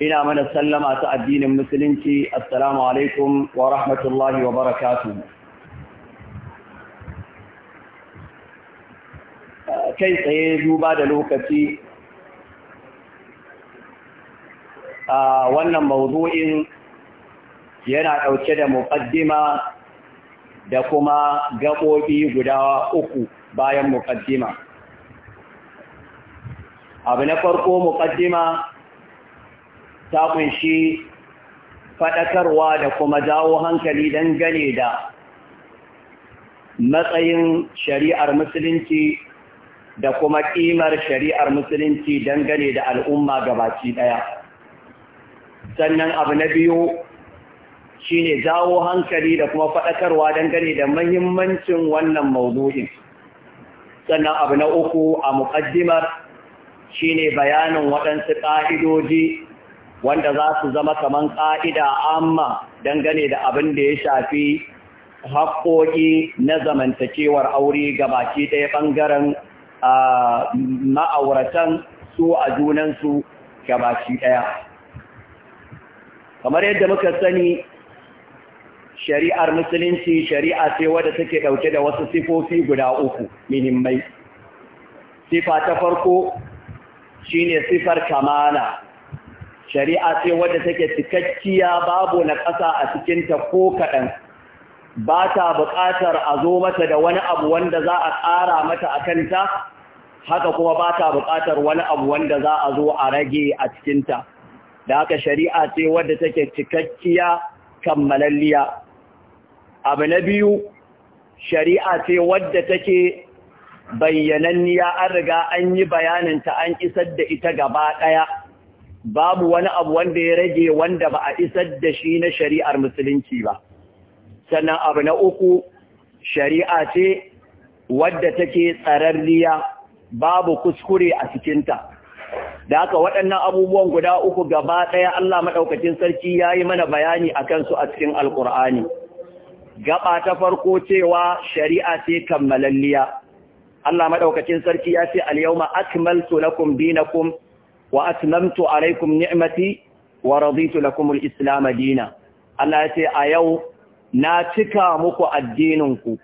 ina mana sallama ta addinin musulunci assalamu alaikum wa rahmatullahi wa barakatuh kai tsaye duba da lokaci a wannan mawuzo'in yana ɗauke da muƙaddima da kuma gaɓoɓi guda uku bayan muƙaddima abu na farko muƙaddima ta kunshi faɗakarwa da kuma jawo hankali gane da matsayin shari'ar musulunci da kuma ƙimar shari'ar musulunci gane da al'umma gabaci ɗaya. Sannan abu na biyu shi ne jawo hankali da kuma faɗakarwa gane da mahimmancin wannan maudu'in. Sannan abu na uku a muƙaddimar shi ne bayanin waɗansu ƙa'idoji wanda za su zama kaman ƙa'ida amma dangane da abin da ya shafi haƙoƙi na zamantakewar aure ga baki ɗaya ɓangaren ma'auratan su a junansu ga baki ɗaya. Kamar yadda muka sani, shari'ar musulunci shari'a ce wadda take ɗauke da wasu sifofi guda uku muhimmai. Sifa ta farko shi ne sifar kamala. shari'a ce wadda take cikakkiya babu na ƙasa a cikinta ko kaɗan ba ta buƙatar a zo mata da wani abu wanda za a ƙara mata a kanta haka kuma ba ta buƙatar wani abu wanda za a zo a rage a cikinta da haka shari'a ce wadda take cikakkiya kammalalliya abu na biyu shari'a ce wadda take bayyananniya an riga an yi bayanin ta an isar da ita gaba ɗaya babu wani abu wanda ya rage wanda ba a isar da shi na shari'ar musulunci ba sannan abu na uku shari'a ce wadda take tsararriya babu kuskure a cikinta da haka waɗannan abubuwan guda uku gaba ɗaya Allah maɗaukacin sarki ya yi mana bayani a kansu a cikin alƙur'ani gaba ta farko cewa shari'a ce kammalalliya Allah maɗaukacin sarki ya ce al-yawma akmaltu lakum dinakum wa atmamtu alaikum ni'mati wa raditu lakum al-islam dinan Allah ya ce a yau na cika muku addininku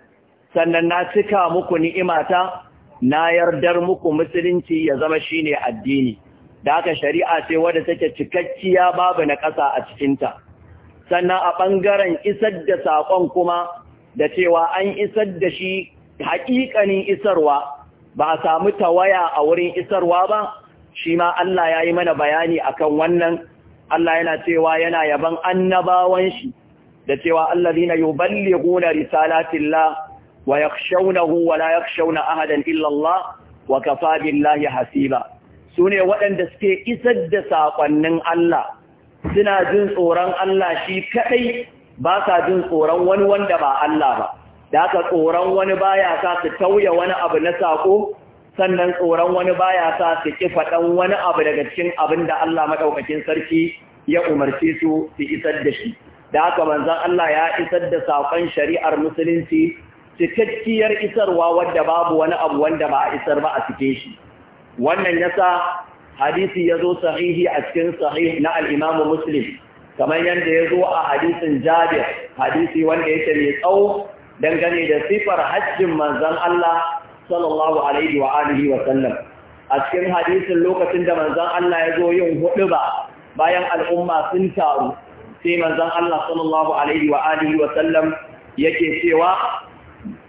sannan na cika muku ni'imata na yardar muku musulunci ya zama shine addini da haka shari'a ce wanda take cikakkiya babu na ƙasa a cikinta sannan a ɓangaren isar da saƙon kuma da cewa an isar da shi haƙiƙanin isarwa ba a samu tawaya a wurin isarwa ba shi ma Allah ya yi mana bayani akan wannan Allah yana cewa yana yaban annabawan shi da cewa allazina yuballighuna risalatillah wa yakhshawnahu wa la yakhshawna ahadan illa Allah wa kafa billahi hasiba sune waɗanda suke isar da sakonnin Allah suna jin tsoron Allah shi kadai ba sa jin tsoron wani wanda ba Allah ba da haka tsoron wani baya sa su tauya wani abu na sako sannan tsoron wani baya sa su ki faɗan wani abu daga cikin abin da Allah maɗaukakin sarki ya umarci su su isar da shi da haka manzon Allah ya isar da saƙon shari'ar musulunci cikakkiyar isarwa wadda babu wani abu wanda ba a isar ba a cikin shi wannan yasa hadisi ya zo sahihi a cikin sahih na al musulun. Muslim kamar yadda ya zo a hadisin Jabir hadisi wanda yake mai tsawo dangane da sifar hajjin manzon Allah sallallahu alaihi wa alihi wa sallam a cikin hadisin lokacin da manzon Allah ya zo yin ba bayan al'umma sun taru sai manzon Allah sallallahu alaihi wa alihi wa sallam yake cewa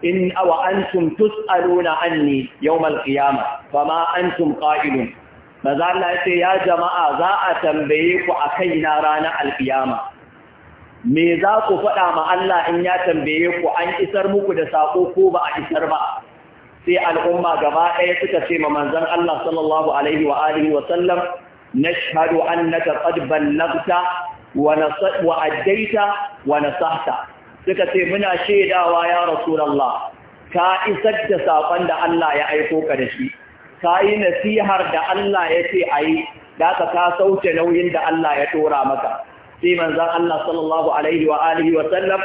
in awa antum tus'aluna anni yawmal qiyamah fama antum qa'ilun maza Allah yace ya jama'a za a tambaye ku akai na ranar alqiyama me za ku faɗa ma Allah in ya tambaye ku an isar muku da sako ko ba a isar ba sai al'umma gaba ɗaya suka ce ma manzon Allah sallallahu alaihi wa alihi wa sallam nashhadu shahadu qad ballaghta wa nasat wa addaita wa nasahta suka ce muna shaidawa ya rasulullah ka isar da saƙon da Allah ya aiko ka da shi ka yi nasihar da Allah ya ce a yi da ka sauce sauke nauyin da Allah ya tora maka sai manzan Allah sallallahu alaihi wa alihi wa sallam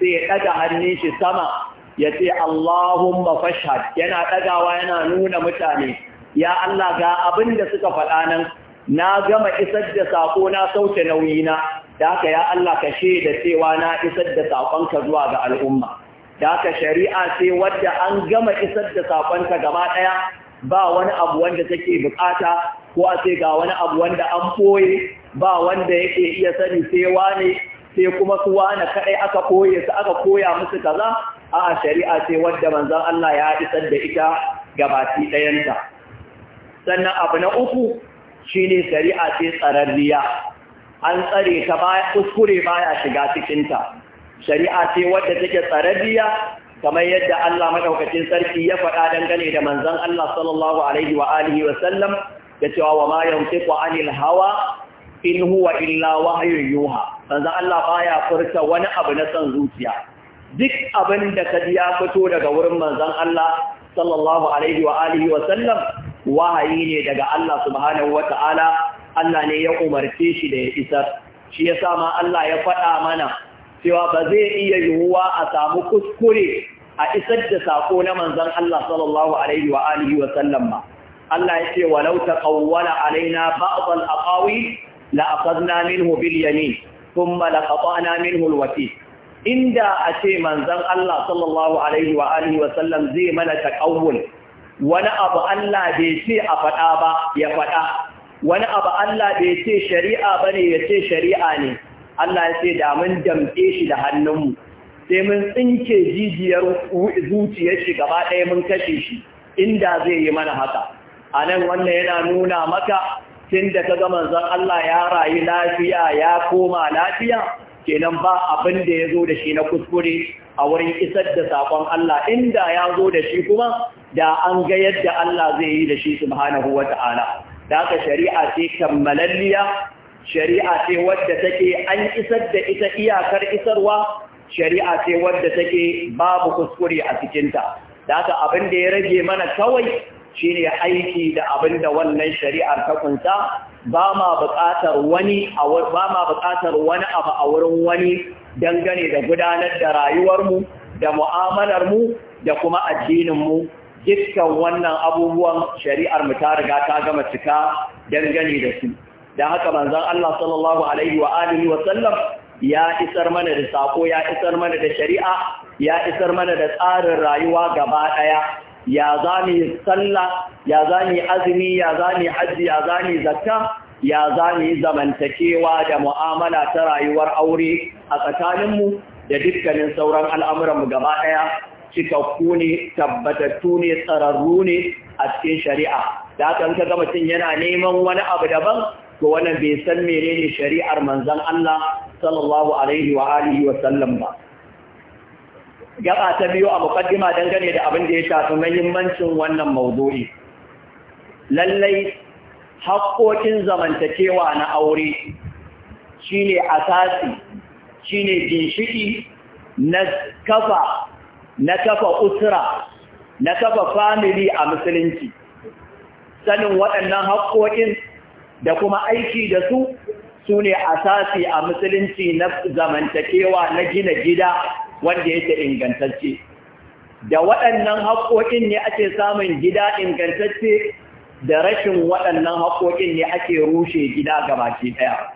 sai ya ɗaga hannun shi sama ya ce Allahumma fashhad yana ɗagawa yana nuna mutane ya Allah ga abin da suka faɗa nan na gama isar da saƙo na sauke nauyina da haka ya Allah ka da cewa na isar da saƙonka zuwa ga al'umma da haka shari'a ce wadda an gama isar da saƙonka gaba ɗaya ba wani abu wanda take bukata ko a ce ga wani abu wanda an koye ba wanda yake iya sani sai wane sai kuma su wane kaɗai aka koye su aka koya musu kaza a shari'a ce wadda manzon Allah ya isar da ita gabati ɗayanta sannan abu na uku shine shari'a ce tsararriya an tsare ta kuskure baya shiga cikinta shari'a ce wadda take tsararriya kamar yadda Allah maɗaukacin sarki ya faɗa dangane da manzon Allah sallallahu alaihi wa alihi da cewa wa ma yantiqu anil hawa in huwa illa wahyun yuha Allah baya furta wani abu na son zuciya duk abin da ka ya fito daga wurin manzon Allah sallallahu alaihi wa alihi wa sallam wahayi ne daga Allah subhanahu wa ta'ala Allah ne ya umarce shi da ya isar shi yasa ma Allah ya faɗa mana cewa ba zai iya yiwuwa a samu kuskure a isar da saƙo na manzon Allah sallallahu alaihi wa alihi wa sallam ba Allah ya ce walau taqawwala alaina ba'd al-aqawi la aqadna minhu bil yamin thumma laqata'na minhu al inda a ce manzon Allah sallallahu alaihi wa alihi wa sallam zai mana taqawul wani abu Allah bai ce a faɗa ba ya faɗa wani abu Allah bai ce shari'a bane ya ce shari'a ne Allah ya ce da mun damƙe shi da hannunmu sai mun tsinke jijiyar zuciyar shi gaba ɗaya mun kashe shi inda zai yi mana haka a nan wannan yana nuna maka tun da ka ga manzon Allah ya rayu lafiya ya koma lafiya kenan ba abin da ya zo da shi na kuskure a wurin isar da saƙon Allah inda ya zo da shi kuma da an ga yadda Allah zai yi da shi subhanahu wa ta'ala. Da aka shari'a ce kammalalliya, shari'a ce wadda take an isar da ita iyakar isarwa, shari'a ce wadda take babu kuskure a cikinta. Da aka abin da ya rage mana kawai shi ne aiki da abin da wannan shari'ar ta kunsa ba ma buƙatar wani ba ma buƙatar wani abu a wurin wani dangane da gudanar da rayuwarmu da mu'amalarmu da kuma addininmu dukkan wannan abubuwan shari'ar mu ta riga ta gama cika dangane da su Da haka manzon Allah sallallahu alaihi wa alihi wa sallam ya isar mana da sako ya isar mana da shari'a ya isar mana da tsarin rayuwa gaba daya ya zani sallah ya zani azumi ya zani hajji ya zani zakka ya za mu yi zamantakewa da mu'amala ta rayuwar aure a tsakaninmu da dukkanin sauran al'amuranmu gaba ɗaya cikakku ne tabbatattu ne tsararru ne a cikin shari'a da aka ka zama cin yana neman wani abu daban to wannan bai san menene shari'ar manzan Allah sallallahu alaihi wa alihi wa sallam ba gaba ta biyu a mukaddima dangane da abin da ya shafi muhimmancin wannan mawdu'i lallai haƙƙoƙin zamantakewa na aure shine asasi shine ginshiki na kafa na kafa usra na kafa family a musulunci sanin waɗannan haƙƙoƙin da kuma aiki da su su asasi a musulunci na zamantakewa na gina gida wanda yake ingantacce da waɗannan haƙƙoƙin ne ake samun gida ingantacce da rashin waɗannan haƙoƙin ne ake rushe gida gabaki ɗaya.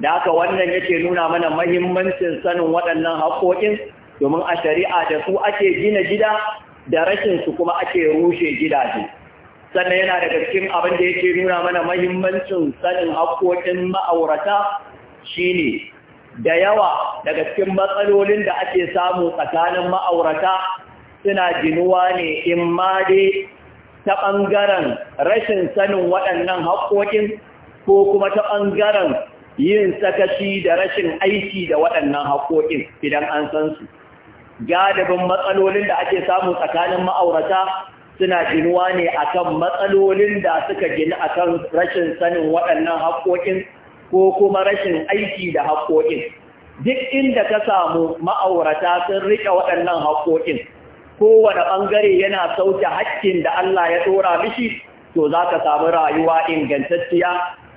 Da aka wannan yake nuna mana mahimmancin sanin waɗannan haƙoƙin domin a shari'a da su ake gina gida da rashin su kuma ake rushe gidaje. Sannan yana daga cikin abin da yake nuna mana mahimmancin sanin haƙoƙin ma'aurata shine da yawa daga cikin matsalolin da ake samu tsakanin ma'aurata suna jinuwa ne in ma dai ta ɓangaren rashin sanin waɗannan haƙoƙin ko kuma ta ɓangaren yin sakaci da rashin aiki da waɗannan haƙoƙin idan an san su. Gadabin matsalolin da ake samu tsakanin ma'aurata suna ginuwa ne akan matsalolin da suka gina kan rashin sanin waɗannan haƙoƙin ko kuma rashin aiki da haƙoƙin. Duk inda ka samu ma'aurata sun riƙe waɗannan haƙoƙin. kowane ɓangare yana sauke haƙƙin da Allah ya ɗora mishi to za ka samu rayuwa ingantacciya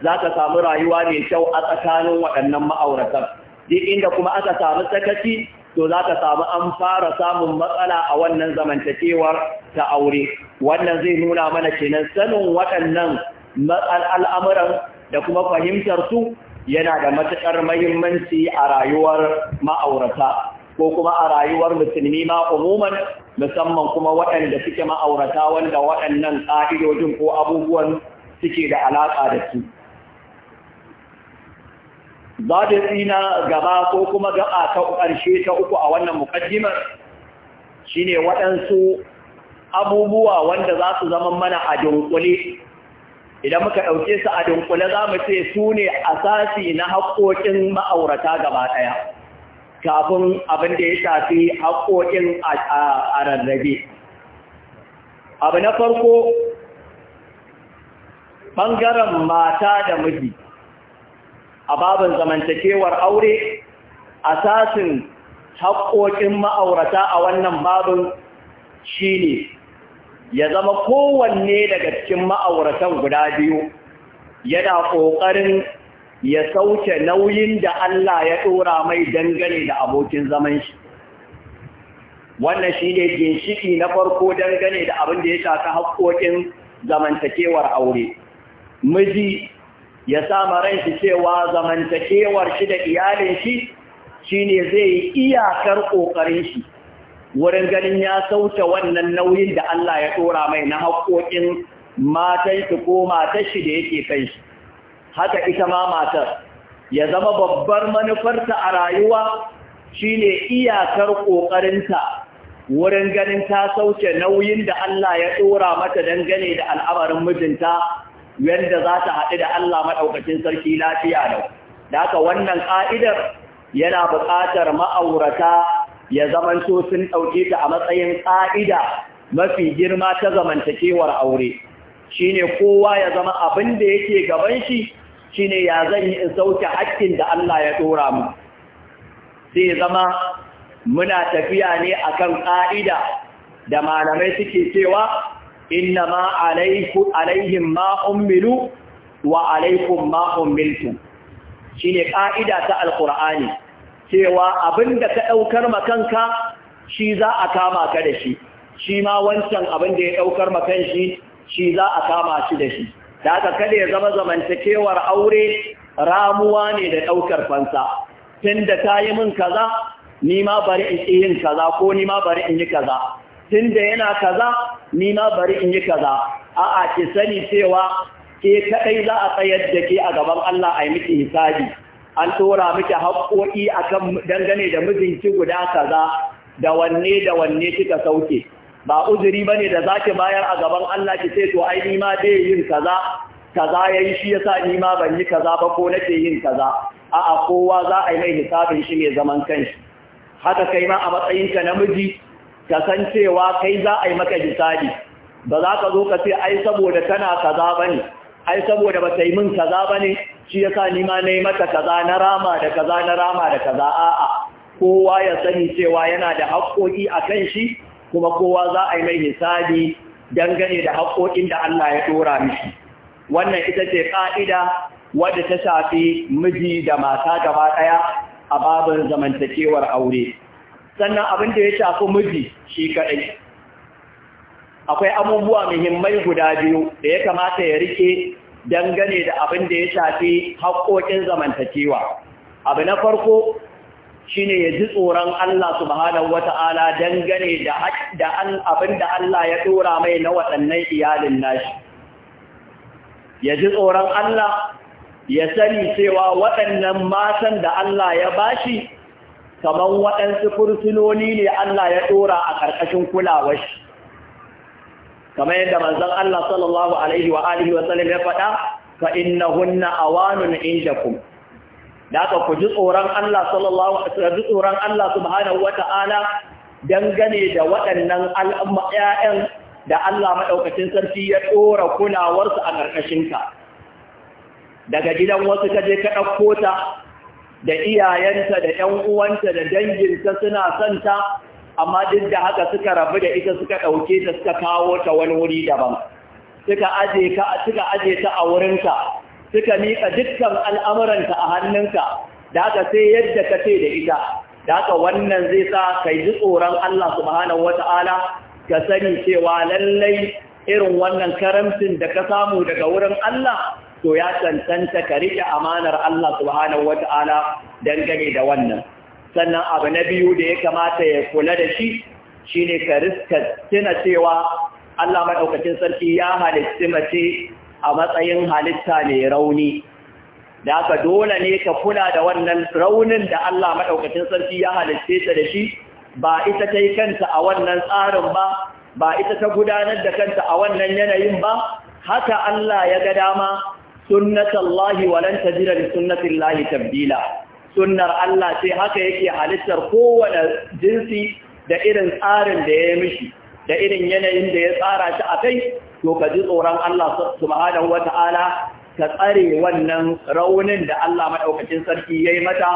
za ka samu rayuwa mai kyau a tsakanin waɗannan ma'auratan duk inda kuma aka samu sakaci to za ka samu an fara samun matsala a wannan zamantakewar ta aure wannan zai nuna mana kenan sanin waɗannan al'amuran da kuma fahimtar su yana da matuƙar muhimmanci a rayuwar ma'aurata ko kuma a rayuwar musulmi ma umuman musamman kuma waɗanda suke ma'aurata wanda waɗannan ƙa'idojin ko abubuwan suke da alaƙa da su. Za da tsina gaba ko kuma gaba ta ƙarshe ta uku a wannan mukaddimar shi ne waɗansu abubuwa wanda za su zama mana a dunkule. Idan muka ɗauke su a dunkule za mu ce su ne asasi na haƙoƙin ma'aurata gaba ɗaya. kafin abin da ya shafi haƙoƙin a rarrabe. Abu na farko, ɓangaren mata da miji a babin zamantakewar aure, asasin haƙoƙin ma'aurata a wannan babin shi ne, ya zama kowanne daga cikin ma'auratan guda biyu, yana ƙoƙarin ya sauke nauyin da Allah ya ɗora mai dangane da abokin zaman shi. Wannan shi ne ginshiki na farko dangane da abin da ya shafi haƙoƙin zamantakewar aure. Miji ya sama ranshi cewa zamantakewar shi da iyalin shi shi ne zai yi iyakar ƙoƙarin shi wurin ganin ya sauke wannan nauyin da Allah ya ɗora mai na haƙoƙin matan shi ko matar shi da yake kai shi. haka ita ma matar ya zama babbar manufarta a rayuwa shine iyakar ƙoƙarinta wurin ganin ta sauke nauyin da Allah ya ɗora mata dangane da al'amarin mijinta yadda za ta haɗu da Allah maɗaukacin sarki lafiya da haka wannan ƙa'idar yana buƙatar ma'aurata ya zamanto sun ɗauke ta a matsayin ƙa'ida mafi girma ta zamantakewar aure shine kowa ya zama abin da yake gaban shi shine ya zan yi in sauke hakkin da Allah ya ɗora mu sai zama muna tafiya ne akan ƙa'ida da malamai suke cewa inna ma alaihim ma ummilu wa alaikum ma Shi shine ƙa'ida ta alqur'ani cewa abinda ka ɗaukar makanka shi za a kama ka da shi shi ma wancan abin da ya ɗaukar ma shi shi za a kama shi da shi da aka kada ya zama zamantakewar aure ramuwa ne da ɗaukar fansa tun da ta yi min kaza ni ma bari in yi yin kaza ko ni ma bari in yi kaza tun da yana kaza ni ma bari in yi kaza a'a ki sani cewa ke kaɗai za a tsayar da ke a gaban Allah a yi miki hisabi an tora miki haƙoƙi akan dangane da mijinki guda kaza da wanne da wanne kika sauke ba uzuri ne da zaki bayar a gaban Allah ki ce to ai ni ma dai yin kaza kaza yayi shi ya ni ma ban yi kaza ba ko nake yin kaza a'a kowa za a yi mai hisabin shi mai zaman kanshi haka kai ma a matsayinka namiji ka san cewa kai za a yi maka hisabi ba za ka zo ka ce ai saboda kana kaza bane ai saboda ba ta yi min kaza bane shi ya sa ni ma nayi maka kaza na rama da kaza na rama da kaza a'a kowa ya sani cewa yana da haƙƙoƙi a kan shi kuma kowa za a yi mai hisabi dangane da haƙoƙin da Allah ya ɗora mishi wannan ita ce ƙa'ida wadda ta shafi miji da mata gaba ɗaya a babin zamantakewar aure sannan abin da ya shafi miji shi kaɗai akwai abubuwa muhimmai guda biyu da ya kamata ya rike dangane da abin da ya shafi haƙoƙin zamantakewa abu na farko shine ya ji tsoron Allah subhanahu wata'ala dangane da da abin da Allah ya dora mai na waɗannan iyalin nashi ya ji tsoron Allah ya sani cewa waɗannan matan da Allah ya bashi kamar waɗansu fursunoni ne Allah ya dora a ƙarƙashin kulawar shi kamar yadda manzon Allah sallallahu alaihi wa alihi wa sallam ya faɗa fa innahunna awanun indakum da aka ku ji tsoron Allah sallallahu alaihi tsoron Allah subhanahu wata'ala dangane da waɗannan al'umma da Allah madaukakin sarki ya dora kulawarsu a karkashin ka daga gidan wasu ka je ka ɗauko ta da iyayenta da ƴan uwanta da danginta suna son ta amma duk da haka suka rabu da ita suka ɗauke ta suka kawo ta wani wuri daban suka aje ka suka aje ta a wurinka suka miƙa dukkan al'amuranta a hannunka da aka sai yadda ka ce da ita da aka wannan zai sa ka ji tsoron Allah subhanahu wata'ala ka sani cewa lallai irin wannan karamcin da ka samu daga wurin Allah to ya cancanta ka riƙe amanar Allah subhanahu wata'ala dangane da wannan sannan abu na biyu da ya kamata ya kula da shi shine ka riska tuna cewa Allah maɗaukacin sarki ya halittu mace a matsayin halitta mai rauni da aka dole ne ka kula da wannan raunin da Allah maɗaukacin sarki ya halitta ta da shi ba ita ta yi kanta a wannan tsarin ba ba ita ta gudanar da kanta a wannan yanayin ba haka Allah ya ga dama sunnatallahi walan jiran li sunnatillahi tabdila sunnar Allah sai haka yake halittar kowane jinsi da irin tsarin da ya mishi da irin yanayin da ya tsara shi a kai to ka ji tsoron Allah subhanahu wa ta'ala ka tsare wannan raunin da Allah maɗaukacin sarki ya yi mata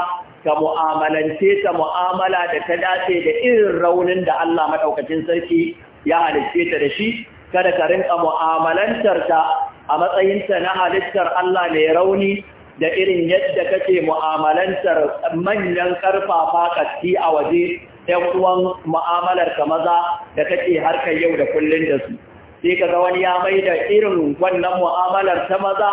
ka mu'amalance ta mu'amala da ta dace da irin raunin da Allah maɗaukacin sarki ya halicce ta da shi kada ka rinka mu'amalantar ta a matsayinta na halittar Allah mai rauni da irin yadda kake mu'amalantar manyan karfafa ƙarfi a waje ‘yan uwan mu'amalar ka maza da kake harkar yau da kullun da su. sai ka ga wani ya mai da irin wannan mu'amalar ta maza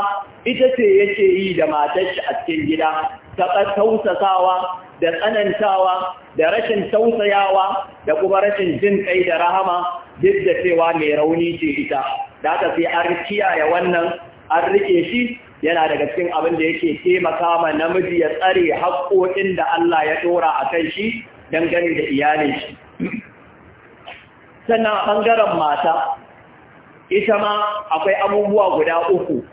ita ce yake yi da matar shi a cikin gida ta tausasawa da tsanantawa da rashin tausayawa da kuma rashin jin kai da rahama duk da cewa mai rauni ce ita da aka sai an kiyaye wannan an rike shi yana daga cikin abin da yake taimaka ma namiji ya tsare haƙoƙin da Allah ya dora a kan shi dangane da iyalin shi sannan a ɓangaren mata ita ma akwai abubuwa guda uku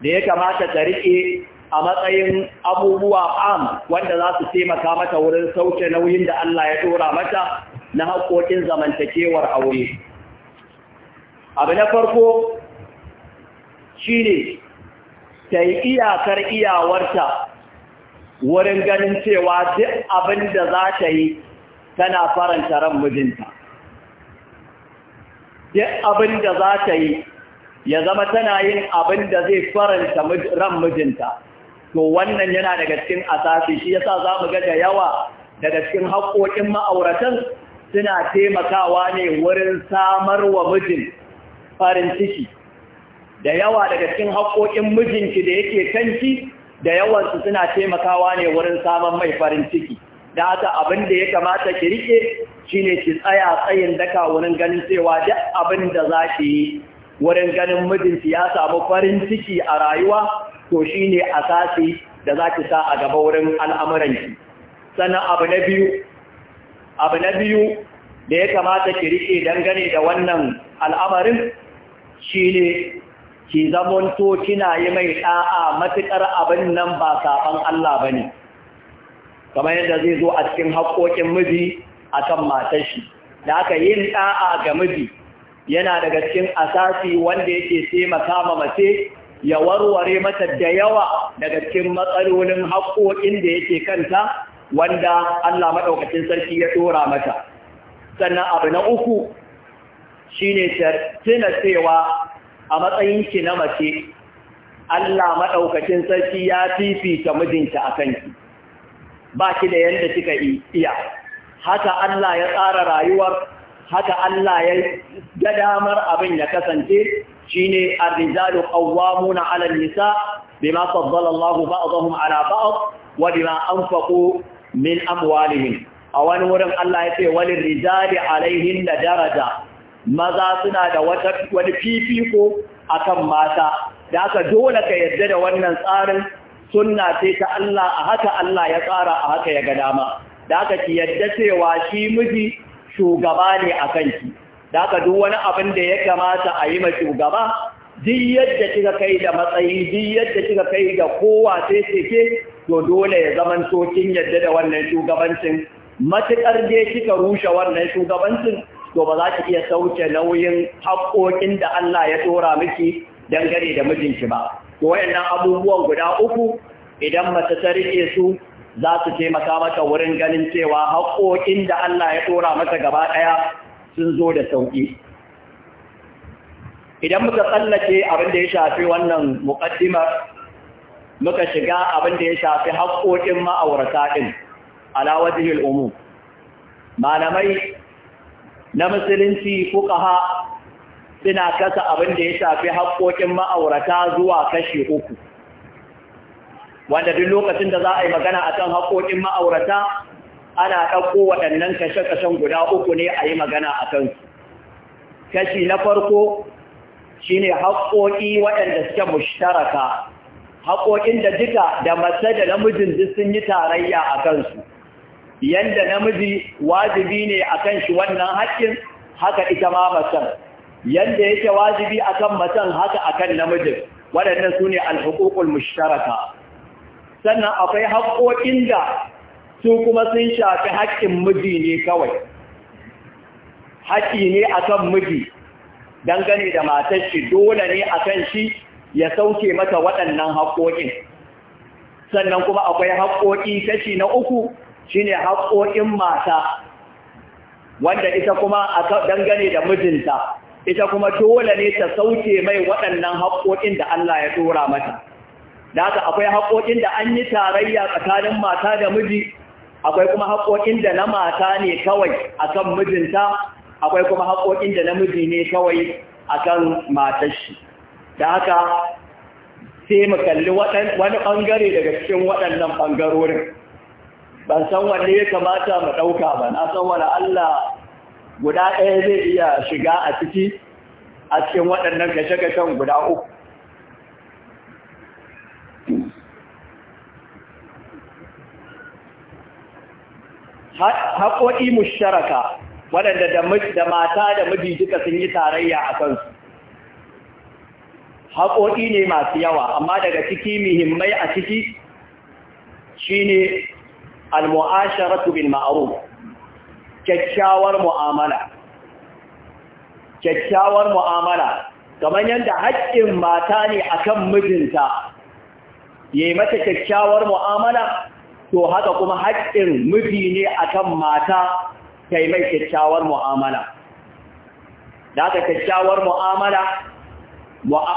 da ya kamata ta riƙe a matsayin abubuwa am wanda za su taimaka mata wurin sauke nauyin da Allah ya dora mata na haƙoƙin zamantakewar aure. Abu na farko shi ne ta yi iyakar iyawarta wurin ganin cewa duk abin da za ta yi tana faranta ran mijinta. duk abin da za ta yi ya zama tana yin abin da zai faranta ran mijinta to wannan yana daga cikin asasi shi yasa za mu ga da yawa daga cikin haƙoƙin ma'auratan suna taimakawa ne wurin samar wa mijin farin ciki da yawa daga cikin haƙoƙin mijinki da yake kanki da yawansu suna taimakawa ne wurin saman mai farin ciki da haka abin da ya kamata ki rike shine ki tsaya tsayin daka wurin ganin cewa duk abin da za ki yi wurin ganin mijinki ya samu farin ciki a rayuwa to shine asasi da za ki sa a gaba wurin al'amuranki sannan abu na biyu abu na biyu da ya kamata ki rike dangane da wannan al'amarin shine ki zamanto kina yi mai ɗa'a matuƙar abin nan ba saɓan Allah ba ne, kamar yadda zai zo a cikin haƙoƙin miji akan matar shi da aka yin ɗa'a ga miji yana daga cikin asasi wanda yake taimaka ma mace ya warware mata da yawa daga cikin matsalolin haƙoƙin da yake kanta wanda Allah maɗaukacin sarki ya ɗora mata sannan abu na uku shine tuna cewa a matsayin ki na mace Allah maɗaukacin sarki ya fifita mijinta a kanki ba ki da yadda kika iya haka Allah ya tsara rayuwar haka Allah ya ga damar abin ya kasance shine ar-rijalu qawwamuna 'ala an-nisa bima faddala Allahu ba'dahum 'ala ba'd wa bima anfaqu min amwalihim a wani wurin Allah ya ce walin rijali alaihin da daraja maza suna da wani fifiko a kan mata da aka dole ka yarda da wannan tsarin sunna ce ta Allah a haka Allah ya tsara a haka ya ga dama da aka ci yadda cewa shi miji shugaba ne a kanki da aka duk wani abin da ya kamata a yi ma shugaba duk yadda kika kai da matsayi duk yadda kika kai da kowa sai ke to dole ya zaman sokin yadda da wannan shugabancin Matukar dai kika rushe wannan shugabancin to ba za ki iya sauke nauyin haƙoƙin da Allah ya tsora miki dangane da mijinki ba to wayannan abubuwan guda uku idan mata ta rike su za su taimaka maka wurin ganin cewa haƙoƙin da Allah ya ɗora maka gaba ɗaya sun zo da sauƙi. Idan muka tsallake abin da ya shafi wannan muƙaddimar, muka shiga abin da ya shafi haƙoƙin ma'aurata ɗin, alawajihil umu. Malamai na musulunci kuka ha suna kasa abin da ya shafi haƙoƙin ma'aurata zuwa kashi uku. wanda duk lokacin da za a yi magana a kan haƙoƙin ma'aurata ana ɗauko waɗannan kashe-kashen guda uku ne a yi magana a kansu kashi na farko shi ne haƙoƙi waɗanda suke mushtaraka haƙoƙin da duka da mace da namijin duk sun yi tarayya a kansu yadda namiji wajibi ne a kan shi wannan haƙƙin haka ita ma macen yadda yake wajibi a kan macen haka a kan namijin waɗannan su ne alhuƙuƙul mushtaraka sannan akwai haƙoƙin da su kuma sun shafi haƙƙin miji ne kawai haƙƙi ne akan miji dangane da matar shi dole ne akan shi ya sauke mata waɗannan haƙoƙin sannan kuma akwai haƙoƙi kashi na uku shi ne haƙoƙin mata wanda ita kuma dangane da mijinta ita kuma dole ne ta sauke mai waɗannan haƙoƙin da Allah ya dora mata da haka akwai haƙoƙin da an yi tarayya tsakanin mata da miji akwai kuma haƙoƙin da na mata ne kawai akan mijinta akwai kuma haƙoƙin da na miji ne kawai akan matar shi da haka sai mu kalli wani ɓangare daga cikin waɗannan ɓangarorin ban san wanne ya kamata mu ɗauka ba na san wani Allah guda ɗaya zai iya shiga a ciki a cikin waɗannan kashe-kashen guda uku haƙoƙi musharaka waɗanda da mata da miji duka sun yi tarayya a kansu haƙoƙi ne masu yawa amma daga ciki muhimmai a ciki shine al-mu'asharatu bil ma'aru kyakkyawar mu'amala kyakkyawar mu'amala kamar yadda haƙƙin mata ne akan mijinta yi mata kyakkyawar mu'amala to haka kuma haƙƙin miji ne akan mata ta yi mai kyakkyawar mu'amala da haka kyakkyawar mu'amala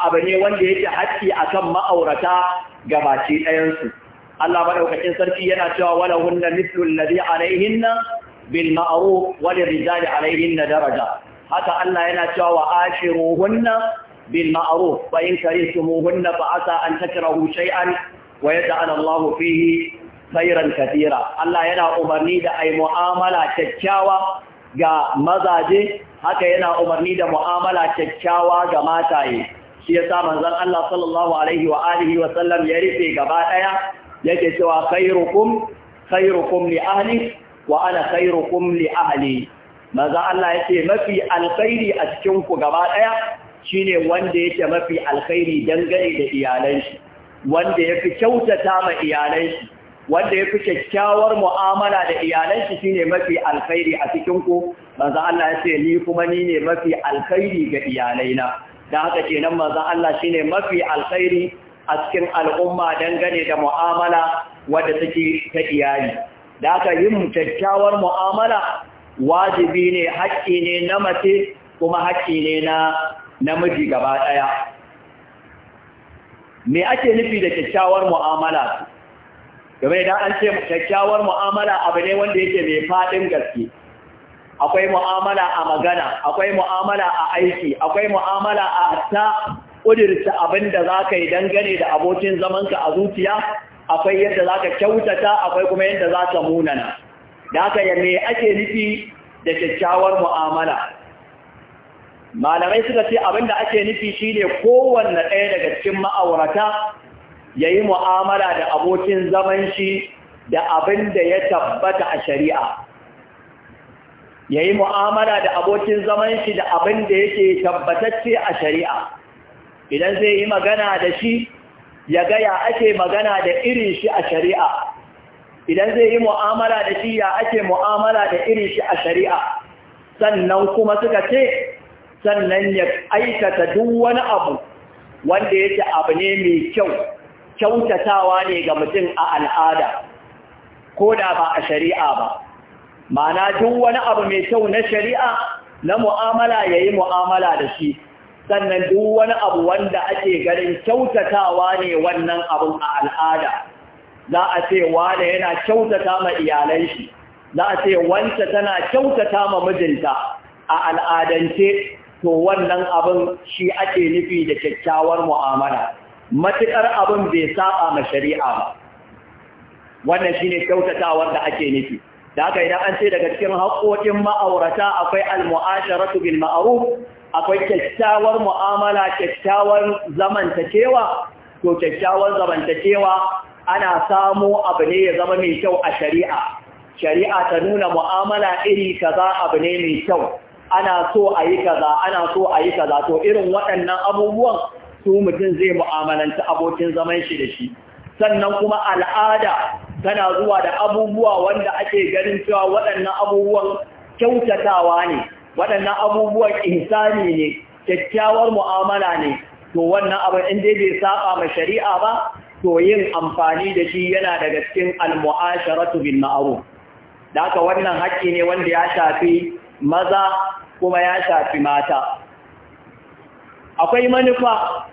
abu ne wanda yake haƙƙi akan ma'aurata gabaci ɗayansu Allah maɗaukacin sarki yana cewa wala hunna mislul ladhi alaihinna bil ma'ruf wa alaihin alaihinna daraja haka Allah yana cewa wa ashiruhunna bil ma'ruf fa in karihtumuhunna fa asa an takrahu shay'an wa yaj'al Allah fihi khairan kathira Allah yana umarni da ai mu'amala kyakkyawa ga mazaje haka yana umarni da mu'amala kyakkyawa ga mataye shi yasa manzon Allah sallallahu alaihi wa alihi wa sallam ya rufe gaba daya yake cewa khairukum khairukum li ahli wa ana khairukum li ahli manzon Allah yake mafi alkhairi a cikin ku gaba daya shine wanda yake mafi alkhairi dangane da iyalan shi wanda yafi kyautata ma iyalan shi wanda ya fi kyakkyawar mu'amala da iyalan shi shine mafi alkhairi a cikin ku manzo Allah ya ce ni kuma ni ne mafi alkhairi ga iyalaina dan haka kenan manzo Allah shine mafi alkhairi a cikin al'umma dangane da mu'amala wadda take ta iyali da haka yin kyakkyawar mu'amala wajibi ne haƙƙi ne na mace kuma haƙƙi ne na namiji gaba ɗaya me ake nufi da kyakkyawar mu'amala game da an ce kyakkyawar mu'amala abu ne wanda yake mai faɗin gaske akwai mu'amala a magana akwai mu'amala a aiki akwai mu'amala a ta ƙudirta abin da za ka yi dangane da abokin zamanka a zuciya akwai yadda za ka kyautata akwai kuma yadda za ka munana da haka ya ake nufi da kyakkyawar mu'amala malamai suka ce abin da ake nufi shine kowanne ɗaya daga cikin ma'aurata ya yi mu'amala da abokin zaman shi da abin da ya tabbata a shari'a ya yi mu'amala da abokin zaman shi da abin da yake tabbatacce a shari'a idan zai yi magana da shi ya gaya ake magana da irin shi a shari'a idan zai yi mu'amala da shi ya ake mu'amala da irin shi a shari'a sannan kuma suka ce sannan ya aikata duk wani abu wanda yake abu ne mai kyau kyautatawa ne ga mutum a al'ada ko da ba a shari'a ba ma'ana duk wani abu mai kyau na shari'a na mu'amala ya yi mu'amala da shi sannan duk wani abu wanda ake ganin kyautatawa ne wannan abun a al'ada za a ce wane yana kyautata ma iyalan shi za a ce wance tana kyautata ma mijinta a al'adance to wannan abin shi ake nufi da kyakkyawar mu'amala matuƙar abin bai saba ma shari'a ba wannan shine kyautatawar da ake nufi da haka idan an ce daga cikin haƙoƙin ma'aurata akwai al-mu'asharatu bil ma'ruf akwai kyakkyawar mu'amala kyakkyawar zamantakewa to kyakkyawar zamantakewa ana samu abu ne ya zama mai kyau a shari'a shari'a ta nuna mu'amala iri kaza abu ne mai kyau ana so a yi kaza ana so a yi kaza to irin waɗannan abubuwan su mutum zai mu'amalanta abokin zaman shi da shi sannan kuma al'ada tana zuwa da abubuwa wanda ake ganin cewa waɗannan abubuwan kyautatawa ne waɗannan abubuwan insani ne kyakkyawar mu'amala ne to wannan abin in dai bai saba ma shari'a ba to yin amfani da shi yana daga cikin al-mu'asharatu bil ma'ruf da haka wannan haƙƙi ne wanda ya shafi maza kuma ya shafi mata akwai manufa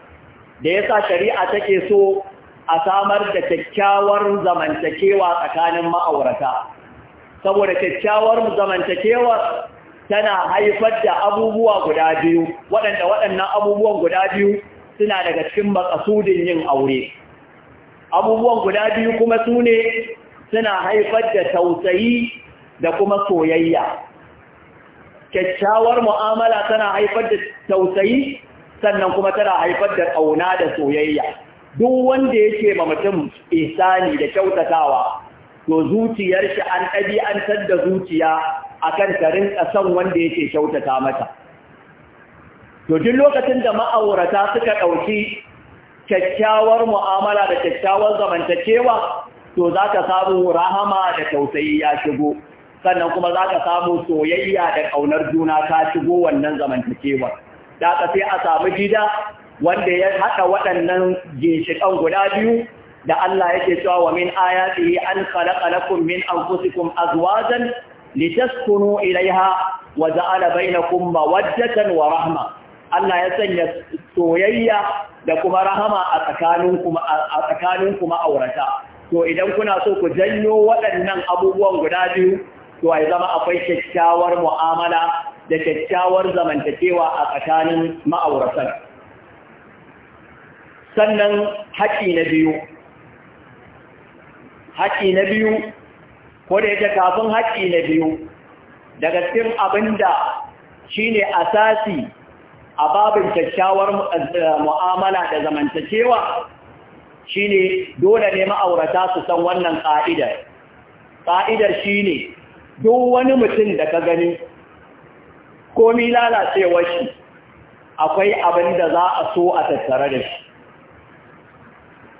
da ya sa shari'a take so a samar da kyakkyawar zamantakewa tsakanin ma'aurata saboda kyakkyawar zamantakewar tana haifar da abubuwa guda biyu waɗanda waɗannan abubuwan guda biyu suna daga cikin makasudin yin aure abubuwan guda biyu kuma su ne suna haifar da tausayi da kuma soyayya kyakkyawar mu'amala tana haifar da tausayi sannan kuma tana haifar da ƙauna da soyayya duk wanda yake ma mutum isani da kyautatawa to zuciyar shi an ɗabi'antar da zuciya akan ta rinka son wanda yake kyautata mata to duk lokacin da ma'aurata suka ɗauki kyakkyawar mu'amala da kyakkyawar zamantakewa to za ka samu rahama da tausayi ya shigo sannan kuma za ka samu soyayya da ƙaunar juna ta shigo wannan zamantakewar. da aka sai a samu gida wanda ya haɗa waɗannan ginshiƙan guda biyu da Allah yake cewa wa min ayatihi an khalaqa lakum min anfusikum azwajan litaskunu ilaiha wa ja'ala bainakum mawaddatan wa rahma Allah ya sanya soyayya da kuma rahama a tsakaninku a ma'aurata to idan kuna so ku janyo waɗannan abubuwan guda biyu to ai zama akwai kyakkyawar mu'amala da kyakkyawar zamantakewa a tsakanin ma'auratan sannan haƙi na biyu haƙi na biyu ko da yake kafin haƙi na biyu daga cikin abin da shi ne asasi a babin kyakkyawar eh, mu'amala da zamantakewa shi ne dole ne ma'aurata su san wannan ƙa'idar ƙa'idar shi ne duk wani mutum da ka gani komi lalacewar shi akwai abin da za a so a tattare da shi